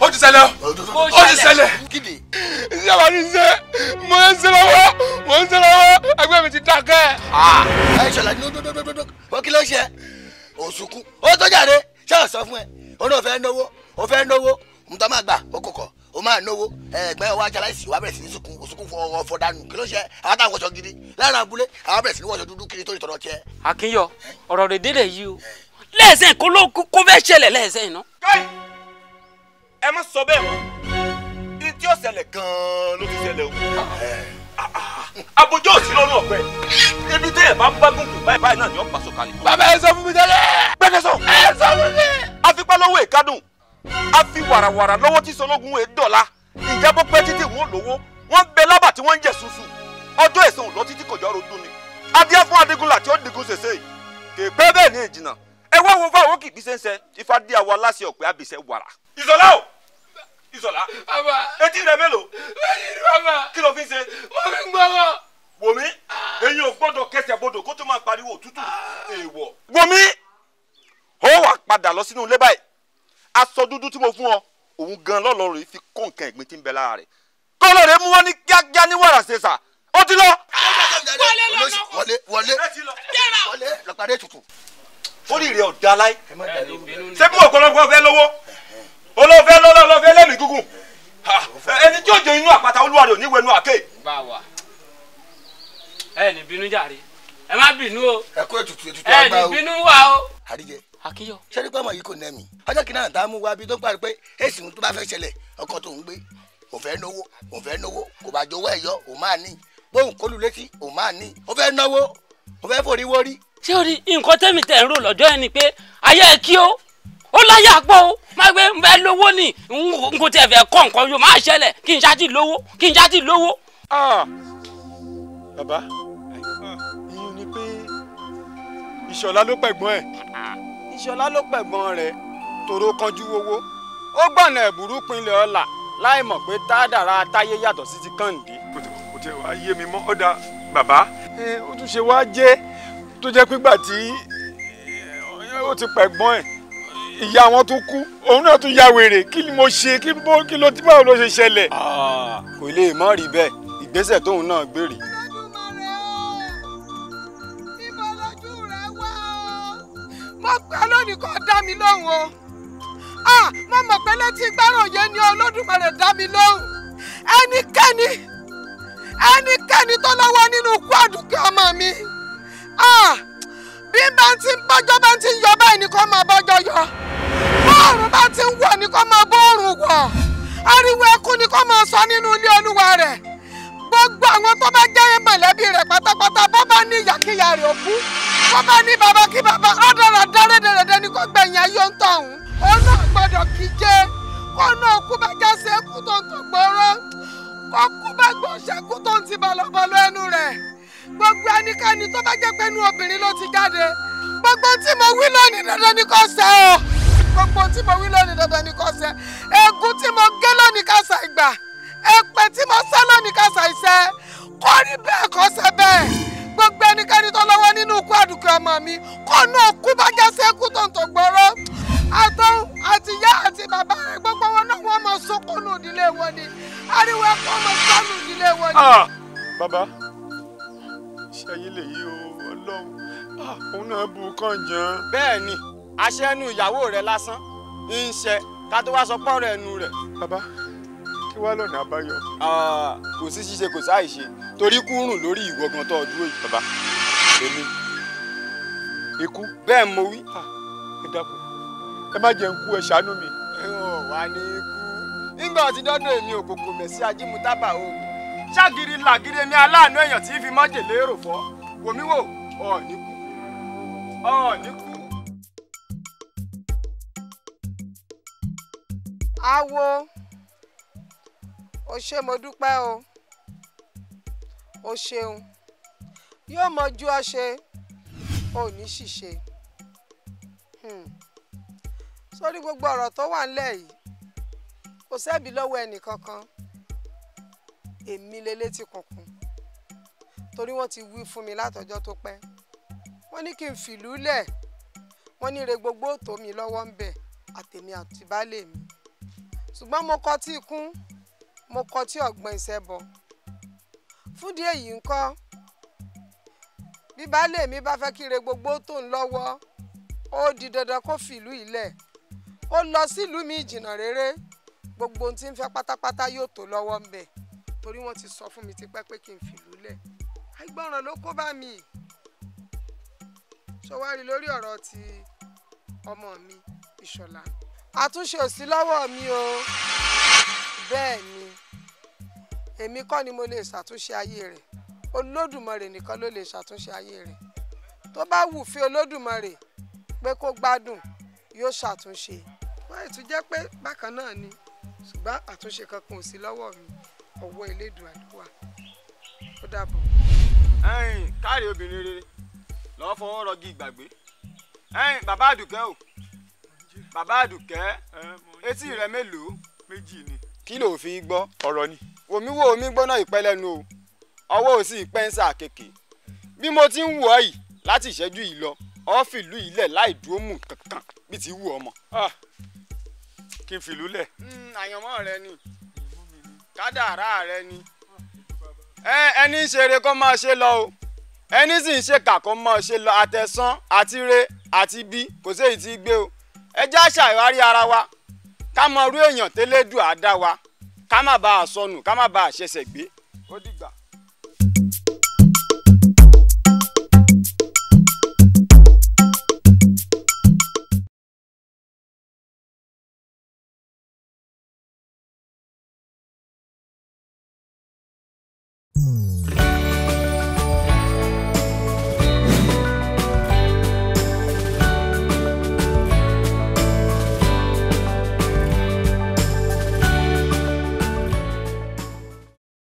ó ti ṣẹlẹ̀ o ti ṣẹlẹ̀. kíni. iṣẹ́ wa ni ṣe mo ń ṣe lọ́wọ́ mo ń ṣe lọ́wọ́ ẹgbẹ́ mi ti dákẹ́. ẹ ìṣọ̀lá ní ó dúdú dúdú kí ló ṣe òṣùkú ó tó jáde ṣé ò sọ fún ẹ ó náà fẹ́ náwó ó fẹ́ náwó mo máa gbà ó kọ̀kọ̀ ó máa náwó ẹgbẹ́ wa jala ìsìn wa bẹ̀rẹ̀ sí ní sùkún òsùkún fọ ọ̀rọ̀ kí ló ṣe àwọn táwọn wọṣọ gidi lára abúlé àwọn bẹ̀rẹ̀ sí ní wọṣọ dúdú kiri tó ìtọ́nà tiẹ̀. Akínyọ̀ ọ̀rọ̀ rẹ̀ délẹ̀ yìí o lẹ́ẹ̀sẹ̀ kó ló kó fẹ́ ṣẹlẹ̀ lẹ́ẹ̀sẹ̀ iná. ẹ má sọ bẹ́ẹ̀ mọ́ ní tí ó ṣẹlẹ̀ gan-an ló ti ṣẹlẹ̀ o abojọ́ òsì lọ́nà ọ̀pẹ ebi tẹ́ ẹ̀ bá ń bá gúngùn báyìí báyìí náà ni ọ̀pá sọ̀kalẹ̀. bàbá ẹ sọ fún mi tẹ́lẹ̀. bẹ́ẹ̀ sọ. ẹ sọ fún mi. a fi pálọ́wọ́ ìkádùn a fi wàràwàrà lọ́wọ́ tí sọlọ́gun ẹ̀ dọ̀la ìjábọ̀ pẹ́ títí wọn lówó wọn bẹ lábà tí wọ́n ń jẹ sunsun ọjọ́ ẹ̀sìn òlọ́ títí kọjọ́ ro dún ni adíá fún adigunla tí ó digun ṣèṣe kè pẹ́ bẹ́ẹ̀ ní ìjìnà ẹ wá wo fáwọn kìbí ṣe ń aláṣẹ ọ̀pẹ àbíṣẹ wàrà. ìṣọlá o Ìsọ̀lá. Bàbá. Etí rẹ mélòó? Bẹ́ẹ̀ni ni bàbá. Kí ló fi ń ṣe? Mo fi ń gbọ́rọ̀. Wòmí, eyín ah. ò gbọ́dọ̀ kẹsẹ̀ bodò kó tó máa pariwo òtútù. Ah. Èèwọ̀. Wòmí, ó wà padà lọ sínú ilé báyìí. Aṣọ dúdú tí mo fún ọ, òun gan lọ́lọ́run fi kó nǹkan ìgbín tí ń bẹ lára rẹ̀. Kọ́lọ̀ rẹ̀ mú wọn ní kíákíá ní wàrà ṣèṣà. Ó ti lọ. Wọlé wọlé wọlé lọ́pàdé tutù. Ó rí ìrẹ̀ ọ̀dà láì. Ṣé bí ọ̀pọ̀lọpọ̀ fẹ́ lówó? olófẹ́ lọ́lọ́fẹ́ lẹ́mìí gígùn ẹni tí òjò inú àpáta olúwarẹ̀ ò ní wẹnu àké. ẹ ní bínú jàre ẹ má bínú o ẹ kó ètùtù ètùtù àgbà o ẹ ní bínú wa o. àríjẹ akíyọ. sẹ́ni pàmò yìí kò nẹ́ mi ọjọ́ kìnnà tá a mú wa bí tó ń parí pé èsì tó bá fẹ́ ṣẹlẹ̀ ọkọ tó ń gbé òun fẹ́ náwó òun fẹ́ náwó kò bá jowó ẹ̀yọ òun máa ní bóun kólu létí òun máa ní ó fẹ́ náwó ó fẹ́ forí wórí. ṣé o rí nǹkan tẹ́mi tẹ̀ ń rò lọ́jọ́ yẹn ni pé ayé ẹ kí o ó láyé àpọ̀ o máa gbé ń fẹ́ lówó ni n kò tiẹ̀ fẹ́ kọ́ nǹkan yóò máa ṣẹlẹ̀ kí n ṣáàtì lówó kí n ṣáàtì lówó. Ah. Ah. bàbá ìyún ni pé ìṣọ̀lá ló pẹ̀gbọ́n ẹ̀ ìṣọ̀lá ló pẹ̀gbọ́n rẹ̀ tòró kanjú owó ó gbọ̀nà ẹ̀bùrú pinlẹ̀ ọ̀la láì mọ̀ pé tádàrá táyé yàtọ̀ sí ti kàǹdé. kò tẹ wá yé mi mọ́ ọ̀dà bàbá. ó tún ṣe wá jẹ́ tó jẹ́ pígbà tí ó ti pẹ̀gbọ́n ẹ̀ ìyá wọn tún kú òun náà tún ya wèrè kí ni mo ṣe kí mo kí ló ti ló ṣe ṣẹlẹ̀. kò lè má rí bẹ́ẹ̀ ìgbésẹ̀ tóun náà gbé mo pẹ́ lónìí kó dá mi lóhùn o mo mọ̀ pé létí gbáròyé ni Olódùmarè dá mi lóhùn ẹnikẹ́ni ẹnikẹ́ni tó lọ́wọ́ nínú ikú àdùkẹ́ ọmọ mi bí bá ń ti bọ́jọ́ bá ń ti yọ báyìí ni kò máa bọ́jọ́ yọ bọ́ọ̀rùn bá ti ń wọ̀ ní kó máa bọ́ọ̀rùn wọ̀ ariwo ẹkún ni kó máa sọ nínú ilé olúwa rẹ̀ gbogbo àwọn tó bá jẹ́ mọ̀lẹ́bí rẹ̀ pátápátá bó bá ní ìyàkíyà rẹ̀ òkú bó bá ní bàbá kí bàbá ọ̀dọ̀rọ̀ dárédèrèdè ni kò gbẹ̀yìn ayé ń tọ̀hún náà gbọ́dọ̀ kíjẹ́ kó náà kú bá jáse kú tó ń tó gbòòrò kó kú bá gbọ́ ṣẹ́kù tó ń ti bọ̀lọ̀bọ̀lọ̀ ẹnu rẹ̀ gbogbo ẹnikẹ́ni tó bá jẹ́ pé inú obìnrin ló ti jáde gbogbo tí mo wí lónìí dandan ni kò ṣẹ o gbogbo tí mo wí lónìí dandan ni kò ṣẹ egun tí mo gé lónìí kàṣà ìgbà èpè tí mo sá lónìí kàṣà ìṣe kò rí bẹ́ẹ̀ kò ṣẹ bẹ́ẹ̀ gbogbo ẹnikẹ́ni tó lọ́wọ́ nínú ikú àdùkú ọmọ mi kò ná òkú bá jásẹ́ ikú tó ń tó gbọ́rọ́ àtọ́hún àti ìyá àti bàbá rẹ̀ gbogbo wọn náà wọ́n mọ sókòlù ìdílé wọn ni ariwo ẹ̀kọ́ ọmọ sọ́nù ìdílé wọn ni. Ah! bàbá ṣe ayé lè yí o ọlọ́run ah, òun náà bu kànjàn. bẹ́ẹ̀ ni aṣẹ́ ẹnu ìyàwó rẹ lásán ń ṣe ká tó wá sọ pọ́nrọ̀ ẹnu rẹ̀. bàbá kí wàá lọ́nà àbáyọ. kò sí ṣíṣe kò sáì ṣe torí kú rùn lórí ìwọ̀gàn tó dúró yìí. bàbá èmi ikú. bẹ́ẹ̀ mo wí. ẹ dákun ẹ má jẹ́ n kú ẹ ṣàánú mi. ẹ hàn wá ní ikú. nígbà tí dọ́dọ̀ èmi òkòkò mẹ̀sí ajímutábà oògùn ṣáàgìrì làgìrì èmi aláàánú èèyàn tí fi mọ́jèlé rò fọ́ wòmíwò ọ̀ọ́nìkú ọ̀ọ́nìkú. awo o ṣé mo dúpẹ́ o o ṣeun yóò mọjú ọ ṣe ò ní ṣìṣe hmm. sórí gbogbo ọ̀rọ̀ tó wà ńlẹ̀ yìí kò sẹ́bi lọ́wọ́ ẹnìkankan èmi lélẹ́ ti kùnkùn torí wọ́n ti wí fún mi látọjọ́ tó pẹ́ wọ́n ní kí n fìlú lẹ̀ wọ́n ní re gbogbo òtó mi lọ́wọ́ ń bẹ̀ àtèmi àti mi ṣùgbọ́n mo kọtí ikún mo kọtí ọ̀gbọ́n ìṣẹ́bọ fúndí èyí ń kọ́ bí baálé mi bá fẹ́ kíre gbogbo tó ń lọ́wọ́ ó di dandan kó fìlú ilẹ̀ ó lọ sílùú mi jìnnà réré gbogbo ohun tí ń fẹ́ pátápátá yóò tó lọ́wọ́ ń bẹ̀ torí wọ́n ti sọ fún mi tipẹ́ pé kí n fìlú lẹ̀ àìgbọràn ló kó bá mi ṣọwárí lórí ọ̀rọ̀ ti ọmọ mi Ìṣọ̀lá àtúnṣe ò sí lọ́wọ́ mi o bẹ́ẹ̀ ni èmi kọ́ ni mo lè ṣàtúnṣe ayé rẹ̀ olódùmarè nìkan ló lè ṣàtúnṣe ayé rẹ̀ tó bá wù fí olódùmarè pé kó gbádùn yóò ṣàtúnṣe wọ́n ètò jẹ́ pé bákan náà ni ṣùgbọ́n àtúnṣe kankan ò sí lọ́wọ́ mi ọwọ́ elédùn àdúrà ó dàbọ̀. káàrí obìnrin rere lọ́ọ́ fọwọ́ rọgí ìgbàgbé bàbá àdùkẹ́ o bàbá àdùkẹ́ etí rẹ mélòó méjì ni. kí ló fi gbọ́ ọ̀rọ̀ ni. omi wo omi gbọ́ná ìpẹ́ lẹ́nu o ọwọ́ ò sí ìpẹ́ ń sà kéèké bí mo ti ń wọ̀ ọ́ yìí láti ìṣẹ́jú yìí lọ ọ́ fìlú ilẹ̀ láì dúró mú kankan bí ti wù ọmọ. Ah, kí n fìlú lẹ̀. Hmm, àyànmọ́ rẹ ni kádàrá rẹ ni ah, ẹni ń ṣeré kó máa ṣe lọ o ẹni sì ń ṣèkà kó máa ṣe lọ àtẹ̀sán àti re àti bí kò séyìí tí gbé o ẹ já ṣàwárí ara wa ká mọ irú èèyàn tẹ́lẹ́dùn àdá wa ká má bàa sọnù ká má bàa ṣẹ̀ṣẹ̀ gbé ó